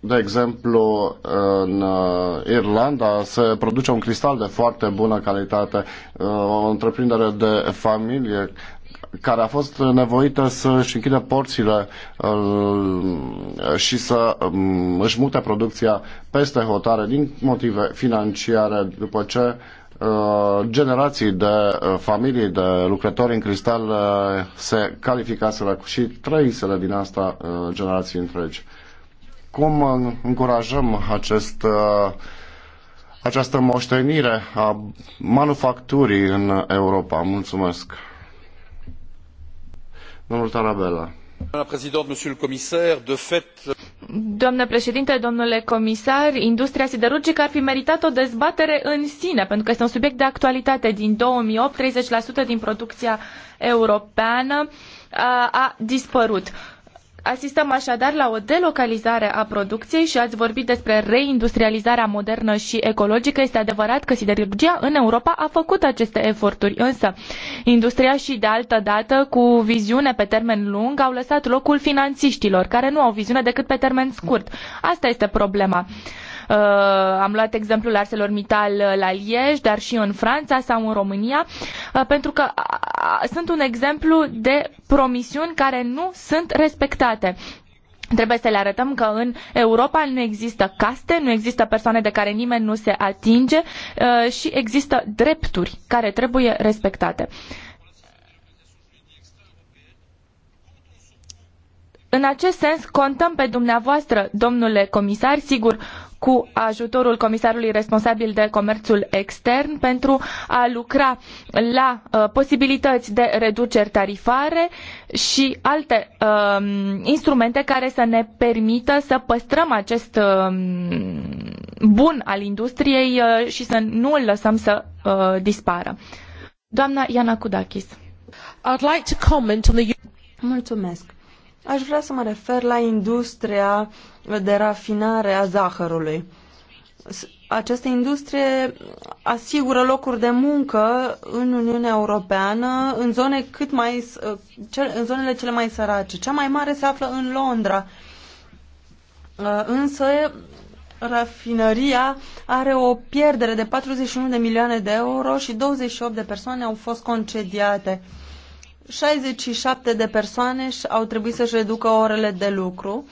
De exemplu, în uh, Irlanda se produce un cristal de foarte bună calitate, uh, o întreprindere de familie care a fost nevoită să-și închidă porțile uh, și să um, își mute producția peste hotare din motive financiare, după ce generații de familii de lucrători în cristal se calificaseră și trăiseră din asta generații întregi. Cum încurajăm acest, uh, această moștenire a manufacturii în Europa? Mulțumesc. Domnul Tarabella. Doamnă președinte, domnule comisar, industria siderurgică ar fi meritat o dezbatere în sine, pentru că este un subiect de actualitate. Din 2008, 30% din producția europeană uh, a dispărut. Asistăm așadar la o delocalizare a producției și ați vorbit despre reindustrializarea modernă și ecologică. Este adevărat că siderurgia în Europa a făcut aceste eforturi, însă industria și de altă dată cu viziune pe termen lung au lăsat locul finanțiștilor care nu au viziune decât pe termen scurt. Asta este problema. Uh, am luat exemplul ArcelorMittal uh, la Liege, dar și în Franța sau în România, uh, pentru că sunt un exemplu de promisiuni care nu sunt respectate. Trebuie să le arătăm că în Europa nu există caste, nu există persoane de care nimeni nu se atinge și există drepturi care trebuie respectate. În acest sens, contăm pe dumneavoastră, domnule comisar, sigur, cu ajutorul comisarului responsabil de comerțul extern pentru a lucra la uh, posibilități de reduceri tarifare și alte uh, instrumente care să ne permită să păstrăm acest uh, bun al industriei uh, și să nu îl lăsăm să uh, dispară. Doamna Iana Kudakis. I'd like to comment on the... Mulțumesc. Aș vrea să mă refer la industria uh, de rafinare a zahărului. Această industrie asigură locuri de muncă în Uniunea Europeană, în, zone cât mai, ă, în zonele cele mai sărace. Cea mai mare se află în Londra. Ă, însă, rafinăria are o pierdere de 41 de milioane de euro și 28 de persoane au fost concediate. 67 de persoane au trebuit să-și reducă orele de lucru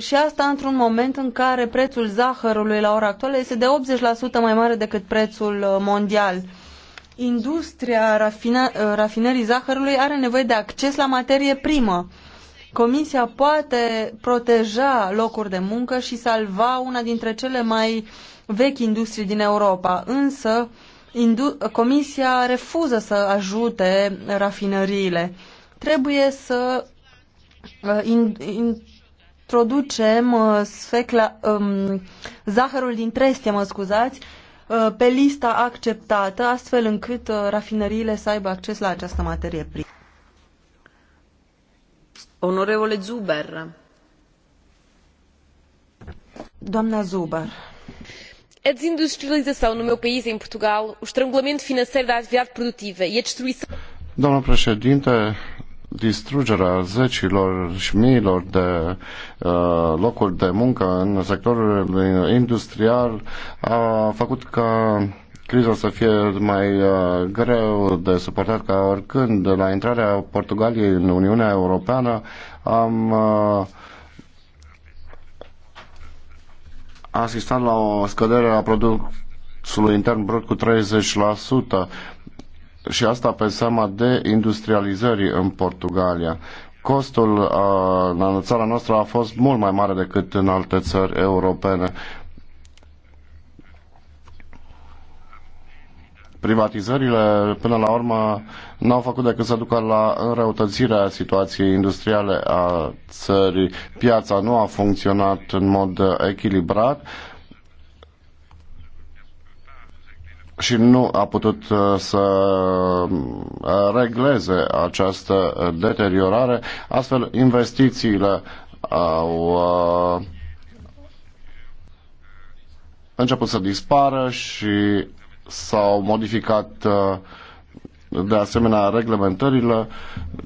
și asta într-un moment în care prețul zahărului la ora actuală este de 80% mai mare decât prețul uh, mondial. Industria rafina, uh, rafinării zahărului are nevoie de acces la materie primă. Comisia poate proteja locuri de muncă și salva una dintre cele mai vechi industrii din Europa, însă Comisia refuză să ajute rafinăriile. Trebuie să uh, in, in, introducem uh, sfecla, um, zahărul din trestie, mă scuzați, uh, pe lista acceptată, astfel încât uh, rafineriile să aibă acces la această materie primă. Onorevole Zuber. Doamna Zuber. A desindustrialização no meu país, em Portugal, o estrangulamento financeiro da atividade produtiva e a destruição. Doamna președinte, distrugerea zecilor și miilor de uh, locuri de muncă în sectorul industrial a făcut ca criza să fie mai uh, greu de suportat ca oricând. De la intrarea Portugaliei în Uniunea Europeană am uh, asistat la o scădere a produsului intern brut cu 30% și asta pe seama de industrializării în Portugalia. Costul uh, în țara noastră a fost mult mai mare decât în alte țări europene. privatizările, până la urmă, n-au făcut decât să ducă la înrăutățirea situației industriale a țării. Piața nu a funcționat în mod echilibrat și nu a putut uh, să uh, regleze această deteriorare. Astfel, investițiile au uh, început să dispară și s-au modificat de asemenea reglementările,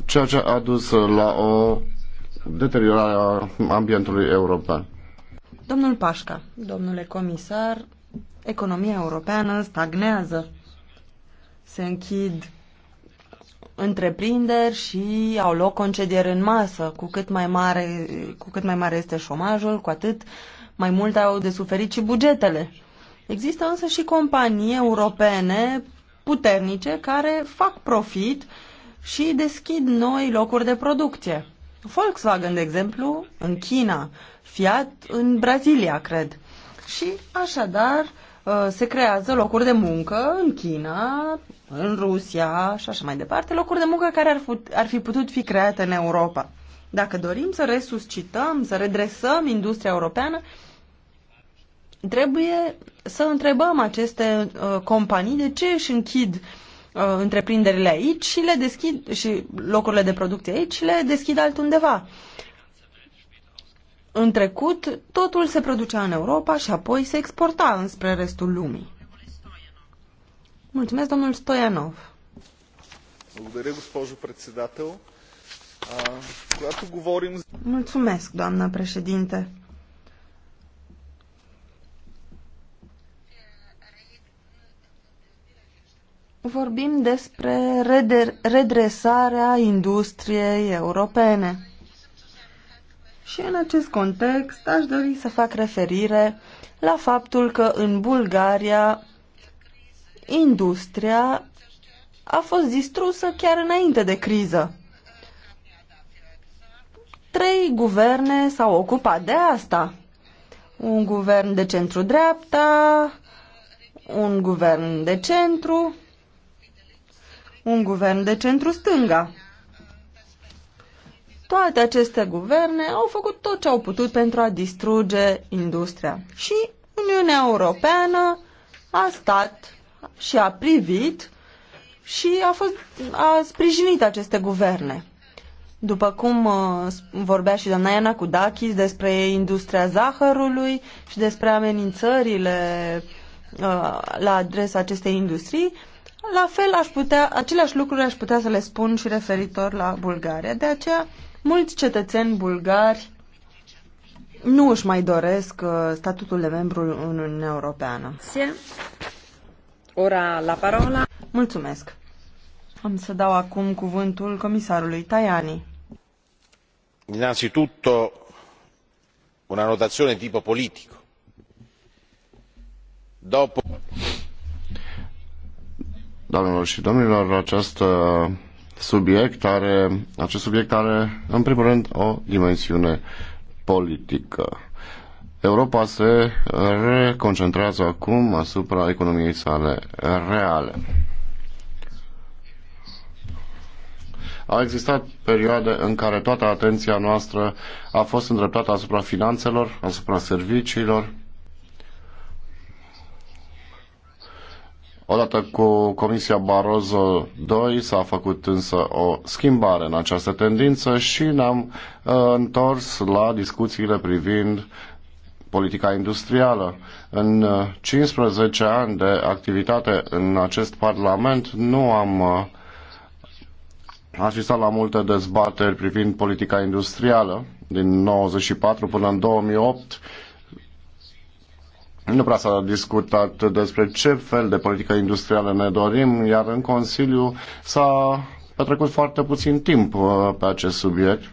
ceea ce a dus la o deteriorare a ambientului european. Domnul Pașca, domnule comisar, economia europeană stagnează. Se închid întreprinderi și au loc concedieri în masă. Cu cât mai mare, cu cât mai mare este șomajul, cu atât mai mult au de suferit și bugetele. Există însă și companii europene puternice care fac profit și deschid noi locuri de producție. Volkswagen, de exemplu, în China, Fiat în Brazilia, cred și așadar uh, se creează locuri de muncă în China, în Rusia și așa mai departe, locuri de muncă care ar, fut, ar fi putut fi create în Europa. Dacă dorim să resuscităm, să redresăm industria europeană, trebuie să întrebăm aceste uh, companii de ce își închid uh, întreprinderile aici și le deschid și locurile de producție aici și le deschid altundeva. În trecut, totul se producea în Europa și apoi se exporta înspre restul lumii. Mulțumesc, domnul Stoianov. Mulțumesc, doamnă președinte. Vorbim despre redresarea industriei europene. Și în acest context aș dori să fac referire la faptul că în Bulgaria industria a fost distrusă chiar înainte de criză. Trei guverne s-au ocupat de asta. Un guvern de centru-dreapta, un guvern de centru, un guvern de centru-stânga. Toate aceste guverne au făcut tot ce au putut pentru a distruge industria. Și Uniunea Europeană a stat și a privit și a, fost, a sprijinit aceste guverne. După cum uh, vorbea și doamna Iana Kudakis despre industria zahărului și despre amenințările uh, la adresa acestei industrii, la fel aș putea, aceleași lucruri aș putea să le spun și referitor la Bulgaria. De aceea Mulți cetățeni bulgari nu își mai doresc uh, statutul de membru în Uniunea Europeană. Ora la parola. Mulțumesc. Am să dau acum cuvântul comisarului Tajani. Innanzitutto una notazione tipo politico. Dopo Doamnelor și domnilor, această subiect are, acest subiect are, în primul rând, o dimensiune politică. Europa se reconcentrează acum asupra economiei sale reale. A existat perioade în care toată atenția noastră a fost îndreptată asupra finanțelor, asupra serviciilor, Odată cu Comisia Barroso 2 s-a făcut însă o schimbare în această tendință și ne-am uh, întors la discuțiile privind politica industrială. În 15 uh, ani de activitate în acest Parlament nu am uh, asistat la multe dezbateri privind politica industrială din 94 până în 2008 nu prea s-a discutat despre ce fel de politică industrială ne dorim, iar în Consiliu s-a petrecut foarte puțin timp uh, pe acest subiect.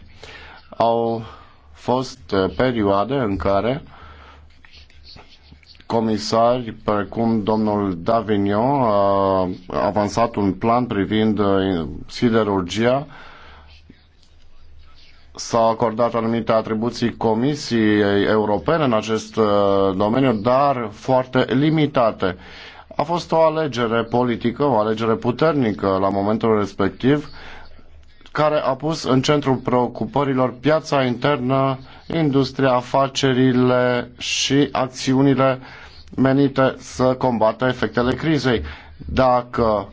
Au fost uh, perioade în care comisari precum domnul Davignon uh, a avansat un plan privind siderurgia s-au acordat anumite atribuții Comisiei Europene în acest uh, domeniu, dar foarte limitate. A fost o alegere politică, o alegere puternică la momentul respectiv, care a pus în centrul preocupărilor piața internă, industria, afacerile și acțiunile menite să combată efectele crizei. Dacă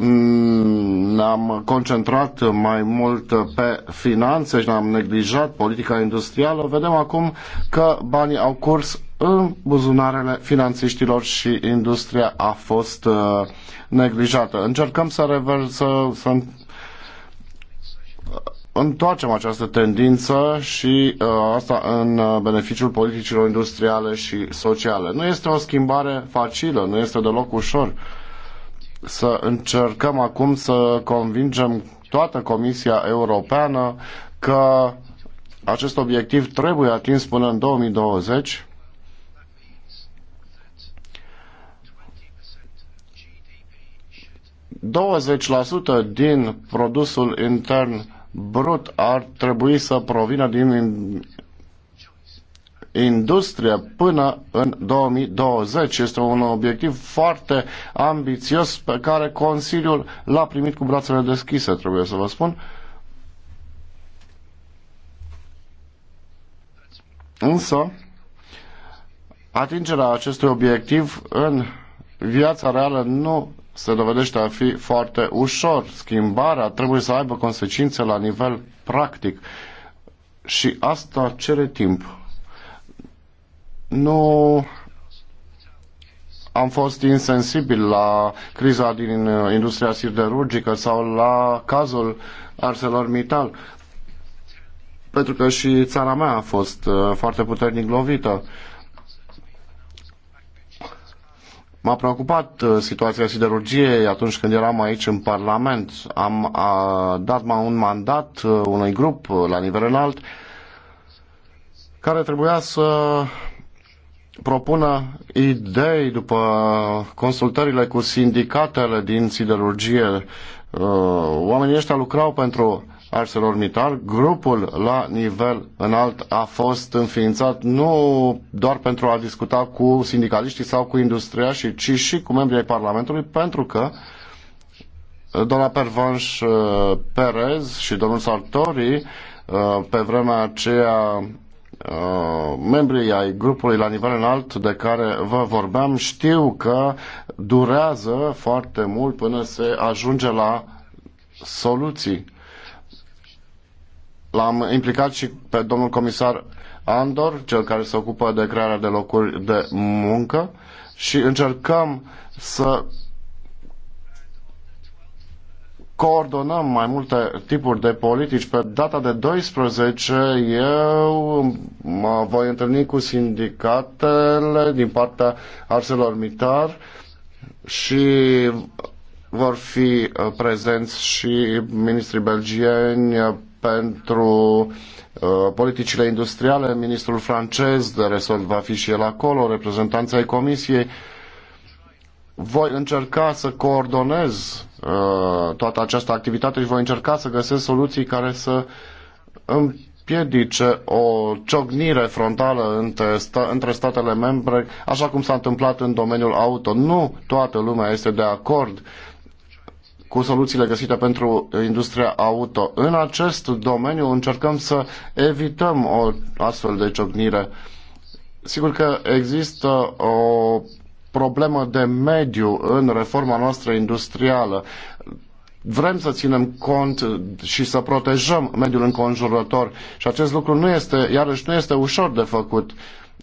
Mm, ne-am concentrat mai mult pe finanțe și ne-am neglijat politica industrială, vedem acum că banii au curs în buzunarele finanțiștilor și industria a fost uh, neglijată. Încercăm să reversăm, să întoarcem această tendință și uh, asta în uh, beneficiul politicilor industriale și sociale. Nu este o schimbare facilă, nu este deloc ușor. Uh, să încercăm acum să convingem toată Comisia Europeană că acest obiectiv trebuie atins până în 2020 20% din produsul intern brut ar trebui să provină din industrie până în 2020. Este un obiectiv foarte ambițios pe care Consiliul l-a primit cu brațele deschise, trebuie să vă spun. Însă, atingerea acestui obiectiv în viața reală nu se dovedește a fi foarte ușor. Schimbarea trebuie să aibă consecințe la nivel practic și asta cere timp. Nu am fost insensibil la criza din industria siderurgică sau la cazul ArcelorMittal, pentru că și țara mea a fost uh, foarte puternic lovită. M-a preocupat uh, situația siderurgiei atunci când eram aici în Parlament. Am a, dat un mandat uh, unui grup la nivel înalt care trebuia să propună idei după consultările cu sindicatele din siderurgie. Uh, oamenii ăștia lucrau pentru ArcelorMittal. Grupul la nivel înalt a fost înființat nu doar pentru a discuta cu sindicaliștii sau cu industria ci și cu membrii ai Parlamentului, pentru că doamna Pervanș uh, Perez și domnul Sartori uh, pe vremea aceea Uh, membrii ai grupului la nivel înalt de care vă vorbeam știu că durează foarte mult până se ajunge la soluții. L-am implicat și pe domnul comisar Andor, cel care se ocupă de crearea de locuri de muncă și încercăm să coordonăm mai multe tipuri de politici. Pe data de 12 eu mă voi întâlni cu sindicatele din partea ArcelorMittal și vor fi uh, prezenți și ministrii belgieni pentru uh, politicile industriale, ministrul francez de resort va fi și el acolo, reprezentanța ai comisiei. Voi încerca să coordonez Uh, toată această activitate și voi încerca să găsesc soluții care să împiedice o ciocnire frontală între, sta- între statele membre, așa cum s-a întâmplat în domeniul auto. Nu toată lumea este de acord cu soluțiile găsite pentru industria auto. În acest domeniu încercăm să evităm o astfel de ciocnire. Sigur că există o problemă de mediu în reforma noastră industrială. Vrem să ținem cont și să protejăm mediul înconjurător și acest lucru nu este, iarăși nu este ușor de făcut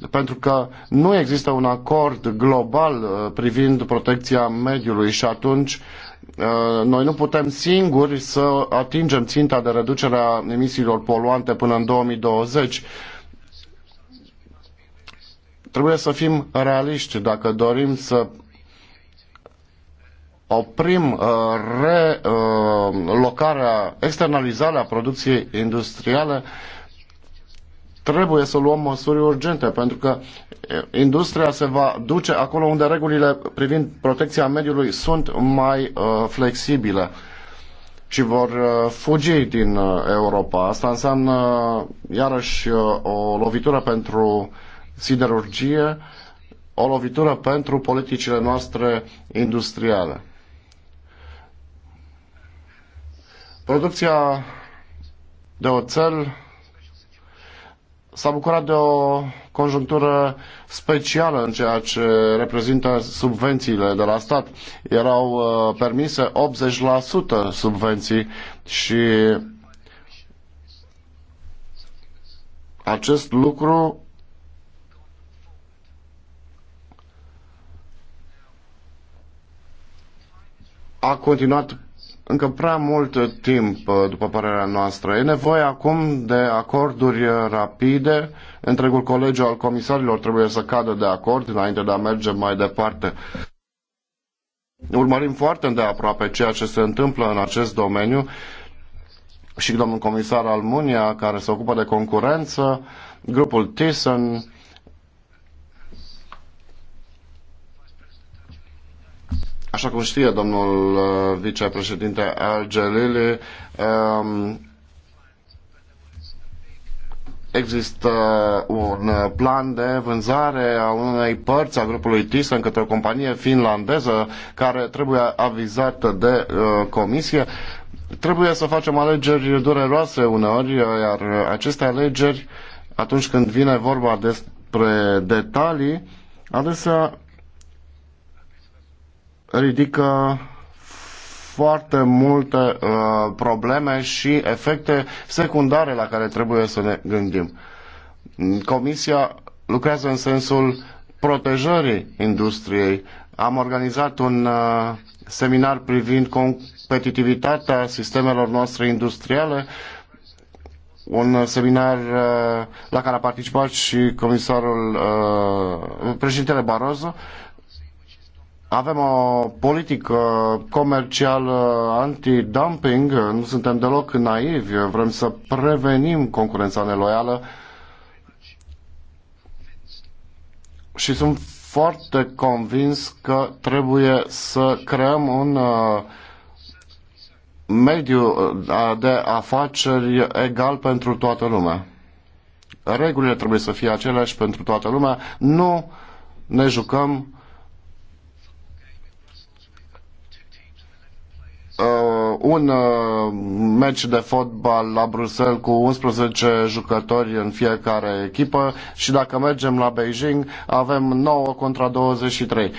pentru că nu există un acord global uh, privind protecția mediului și atunci uh, noi nu putem singuri să atingem ținta de reducere a emisiilor poluante până în 2020 Trebuie să fim realiști dacă dorim să oprim uh, relocarea, externalizarea producției industriale, trebuie să luăm măsuri urgente, pentru că uh, industria se va duce acolo unde regulile privind protecția mediului sunt mai uh, flexibile și vor fugi din Europa. Asta înseamnă iarăși o lovitură pentru siderurgie o lovitură pentru politicile noastre industriale. Producția de oțel s-a bucurat de o conjunctură specială în ceea ce reprezintă subvențiile de la stat. Erau uh, permise 80% subvenții și acest lucru a continuat încă prea mult timp, uh, după părerea noastră. E nevoie acum de acorduri uh, rapide. Întregul colegiu al comisarilor trebuie să cadă de acord înainte de a merge mai departe. Urmărim foarte îndeaproape ceea ce se întâmplă în acest domeniu și domnul comisar Almunia, care se ocupă de concurență, grupul Thyssen, Așa cum știe domnul uh, vicepreședinte al Gelili, um, există un plan de vânzare a unei părți a grupului Thyssen către o companie finlandeză care trebuie avizată de uh, comisie. Trebuie să facem alegeri dureroase uneori, iar aceste alegeri, atunci când vine vorba despre detalii, adesea ridică foarte multe uh, probleme și efecte secundare la care trebuie să ne gândim. Comisia lucrează în sensul protejării industriei. Am organizat un uh, seminar privind competitivitatea sistemelor noastre industriale, un seminar uh, la care a participat și comisarul uh, președintele Barroso avem o politică comercială anti-dumping, nu suntem deloc naivi, vrem să prevenim concurența neloială și sunt foarte convins că trebuie să creăm un uh, mediu uh, de afaceri egal pentru toată lumea. Regulile trebuie să fie aceleași pentru toată lumea. Nu ne jucăm uh, un uh, meci de fotbal la Bruxelles cu 11 jucători în fiecare echipă și dacă mergem la Beijing avem 9 contra 23.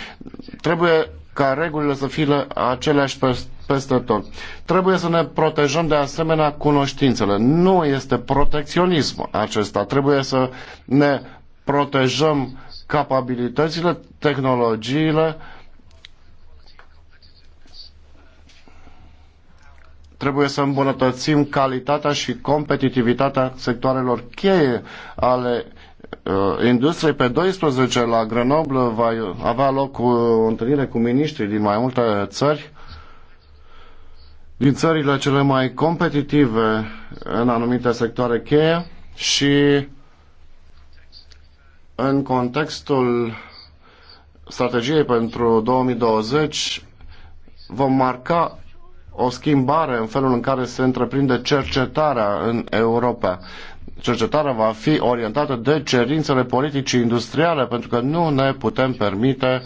Trebuie ca regulile să fie aceleași peste tot. Trebuie să ne protejăm de asemenea cunoștințele. Nu este protecționism acesta. Trebuie să ne protejăm capabilitățile, tehnologiile, uh, trebuie să îmbunătățim calitatea și competitivitatea sectoarelor cheie ale uh, industriei. Pe 12 la Grenoble va avea loc uh, o întâlnire cu miniștrii din mai multe țări, din țările cele mai competitive în anumite sectoare cheie și în contextul strategiei pentru 2020 vom marca o schimbare în felul în care se întreprinde cercetarea în Europa. Cercetarea va fi orientată de cerințele politicii industriale, pentru că nu ne putem permite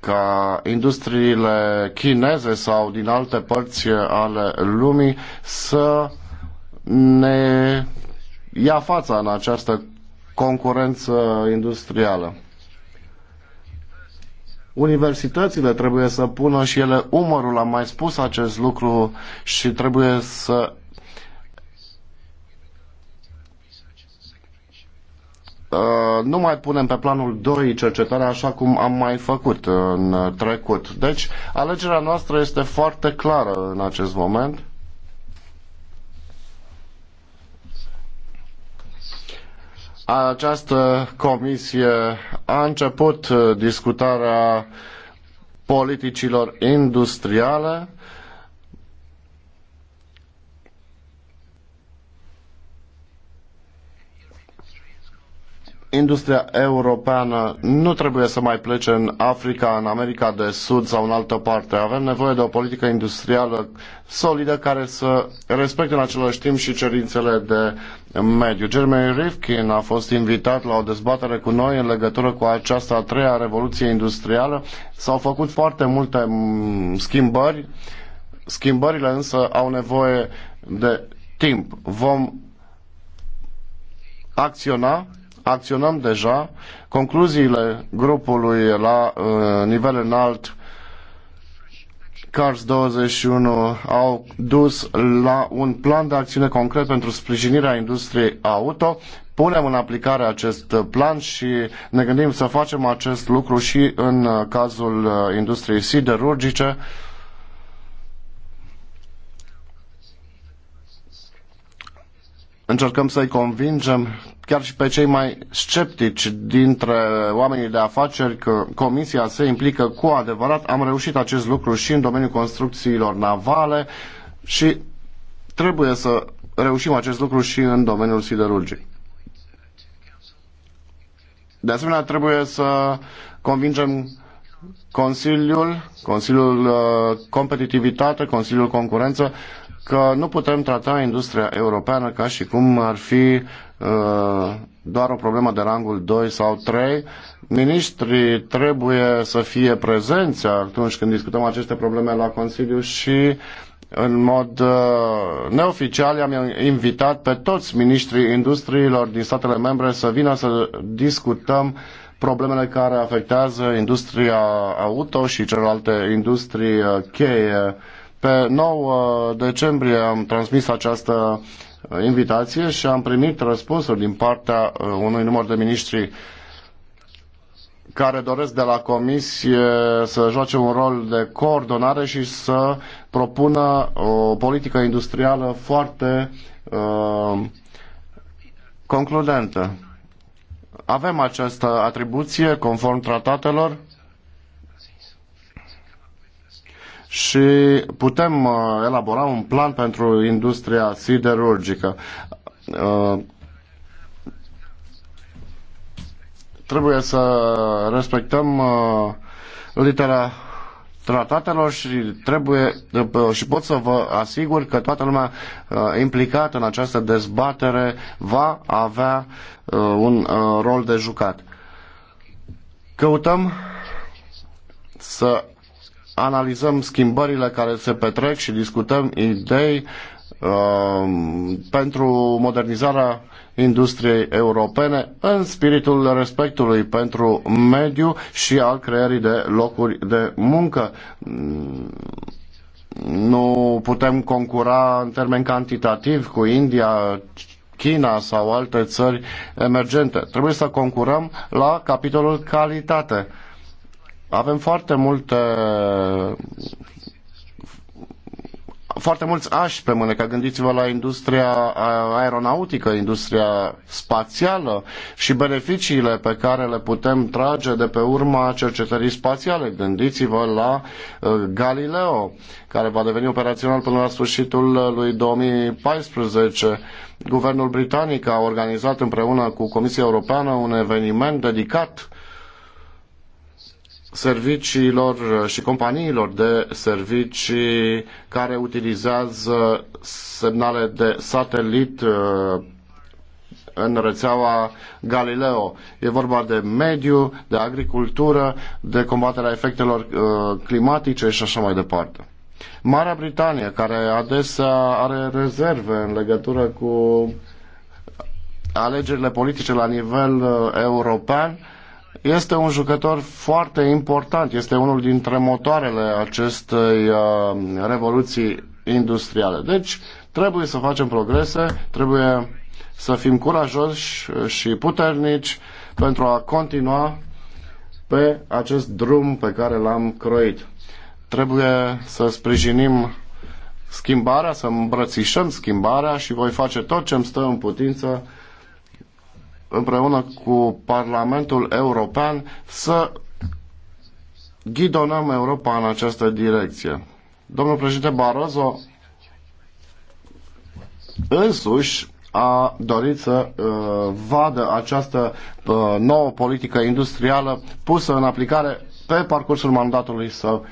ca industriile chineze sau din alte părți ale lumii să ne ia fața în această concurență industrială. Universitățile trebuie să pună și ele umărul, am mai spus acest lucru și trebuie să uh, nu mai punem pe planul 2 cercetarea așa cum am mai făcut în trecut. Deci, alegerea noastră este foarte clară în acest moment. Această comisie a început uh, discutarea politicilor industriale industria europeană nu trebuie să mai plece în Africa, în America de Sud sau în altă parte. Avem nevoie de o politică industrială solidă care să respecte în același timp și cerințele de mediu. Jeremy Rifkin a fost invitat la o dezbatere cu noi în legătură cu această a treia revoluție industrială. S-au făcut foarte multe mm, schimbări. Schimbările însă au nevoie de timp. Vom acționa acționăm deja. Concluziile grupului la uh, nivel înalt CARS 21 au dus la un plan de acțiune concret pentru sprijinirea industriei auto. Punem în aplicare acest plan și ne gândim să facem acest lucru și în uh, cazul uh, industriei siderurgice. Încercăm să-i convingem chiar și pe cei mai sceptici dintre oamenii de afaceri că Comisia se implică cu adevărat. Am reușit acest lucru și în domeniul construcțiilor navale și trebuie să reușim acest lucru și în domeniul siderurgiei. De asemenea, trebuie să convingem Consiliul, Consiliul uh, Competitivitate, Consiliul Concurență, că nu putem trata industria europeană ca și cum ar fi uh, doar o problemă de rangul 2 sau 3. Ministrii trebuie să fie prezenți atunci când discutăm aceste probleme la Consiliu și în mod uh, neoficial am invitat pe toți ministrii industriilor din statele membre să vină să discutăm problemele care afectează industria auto și celelalte industrii uh, cheie pe 9 uh, decembrie am transmis această uh, invitație și am primit răspunsuri din partea uh, unui număr de miniștri care doresc de la Comisie să joace un rol de coordonare și să propună o politică industrială foarte concludentă. Avem această atribuție conform tratatelor și putem uh, elabora un plan pentru industria siderurgică. Uh, trebuie să respectăm uh, litera tratatelor și trebuie și pot să vă asigur că toată lumea implicată în această dezbatere va avea un rol de jucat. Căutăm să analizăm schimbările care se petrec și discutăm idei um, pentru modernizarea industriei europene în spiritul respectului pentru mediu și al creării de locuri de muncă. Nu putem concura în termen cantitativ cu India, China sau alte țări emergente. Trebuie să concurăm la capitolul calitate avem foarte multe foarte mulți ași pe ca Gândiți-vă la industria aeronautică, industria spațială și beneficiile pe care le putem trage de pe urma cercetării spațiale. Gândiți-vă la uh, Galileo, care va deveni operațional până la sfârșitul lui 2014. Guvernul britanic a organizat împreună cu Comisia Europeană un eveniment dedicat uh, serviciilor uh, și companiilor de servicii care utilizează semnale de satelit uh, în rețeaua Galileo. E vorba de mediu, de agricultură, de combaterea efectelor uh, climatice și așa mai departe. Marea Britanie, care adesea are rezerve în legătură cu alegerile politice la nivel european, este un jucător foarte important, este unul dintre motoarele acestei uh, revoluții industriale. Deci trebuie să facem progrese, trebuie să fim curajoși și puternici pentru a continua pe acest drum pe care l-am croit. Trebuie să sprijinim schimbarea, să îmbrățișăm schimbarea și voi face tot ce îmi stă în putință împreună cu Parlamentul European să ghidonăm Europa în această direcție. Domnul președinte Barroso însuși a dorit să uh, vadă această uh, nouă politică industrială pusă în aplicare pe parcursul mandatului său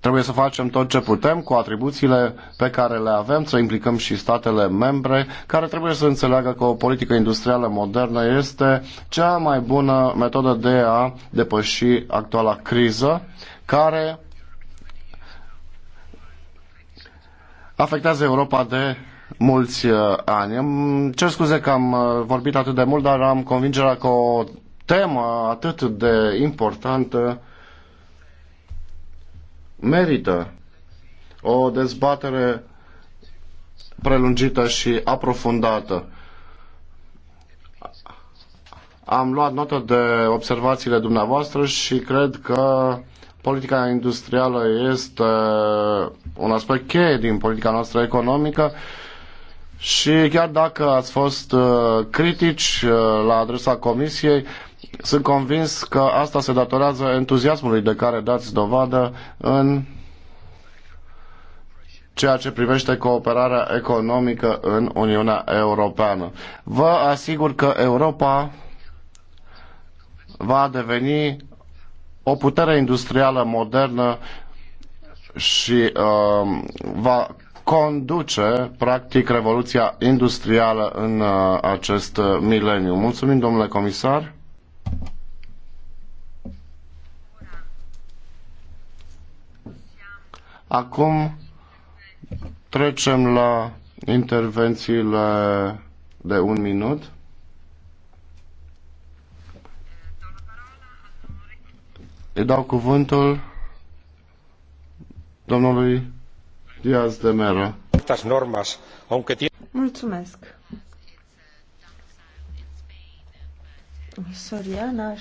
Trebuie să facem tot ce putem cu atribuțiile pe care le avem, să implicăm și statele membre, care trebuie să înțeleagă că o politică industrială modernă este cea mai bună metodă de a depăși actuala criză, care afectează Europa de mulți uh, ani. Îmi cer scuze că am uh, vorbit atât de mult, dar am convingerea că o temă atât de importantă merită o dezbatere prelungită și aprofundată. Am luat notă de observațiile dumneavoastră și cred că politica industrială este un aspect cheie din politica noastră economică și chiar dacă ați fost uh, critici uh, la adresa Comisiei, sunt convins că asta se datorează entuziasmului de care dați dovadă în ceea ce privește cooperarea economică în Uniunea Europeană. Vă asigur că Europa va deveni o putere industrială modernă și uh, va conduce, practic, revoluția industrială în uh, acest uh, mileniu. Mulțumim, domnule comisar. Acum trecem la intervențiile de un minut. Îi dau cuvântul domnului Diaz de Mera. Mulțumesc. Soriana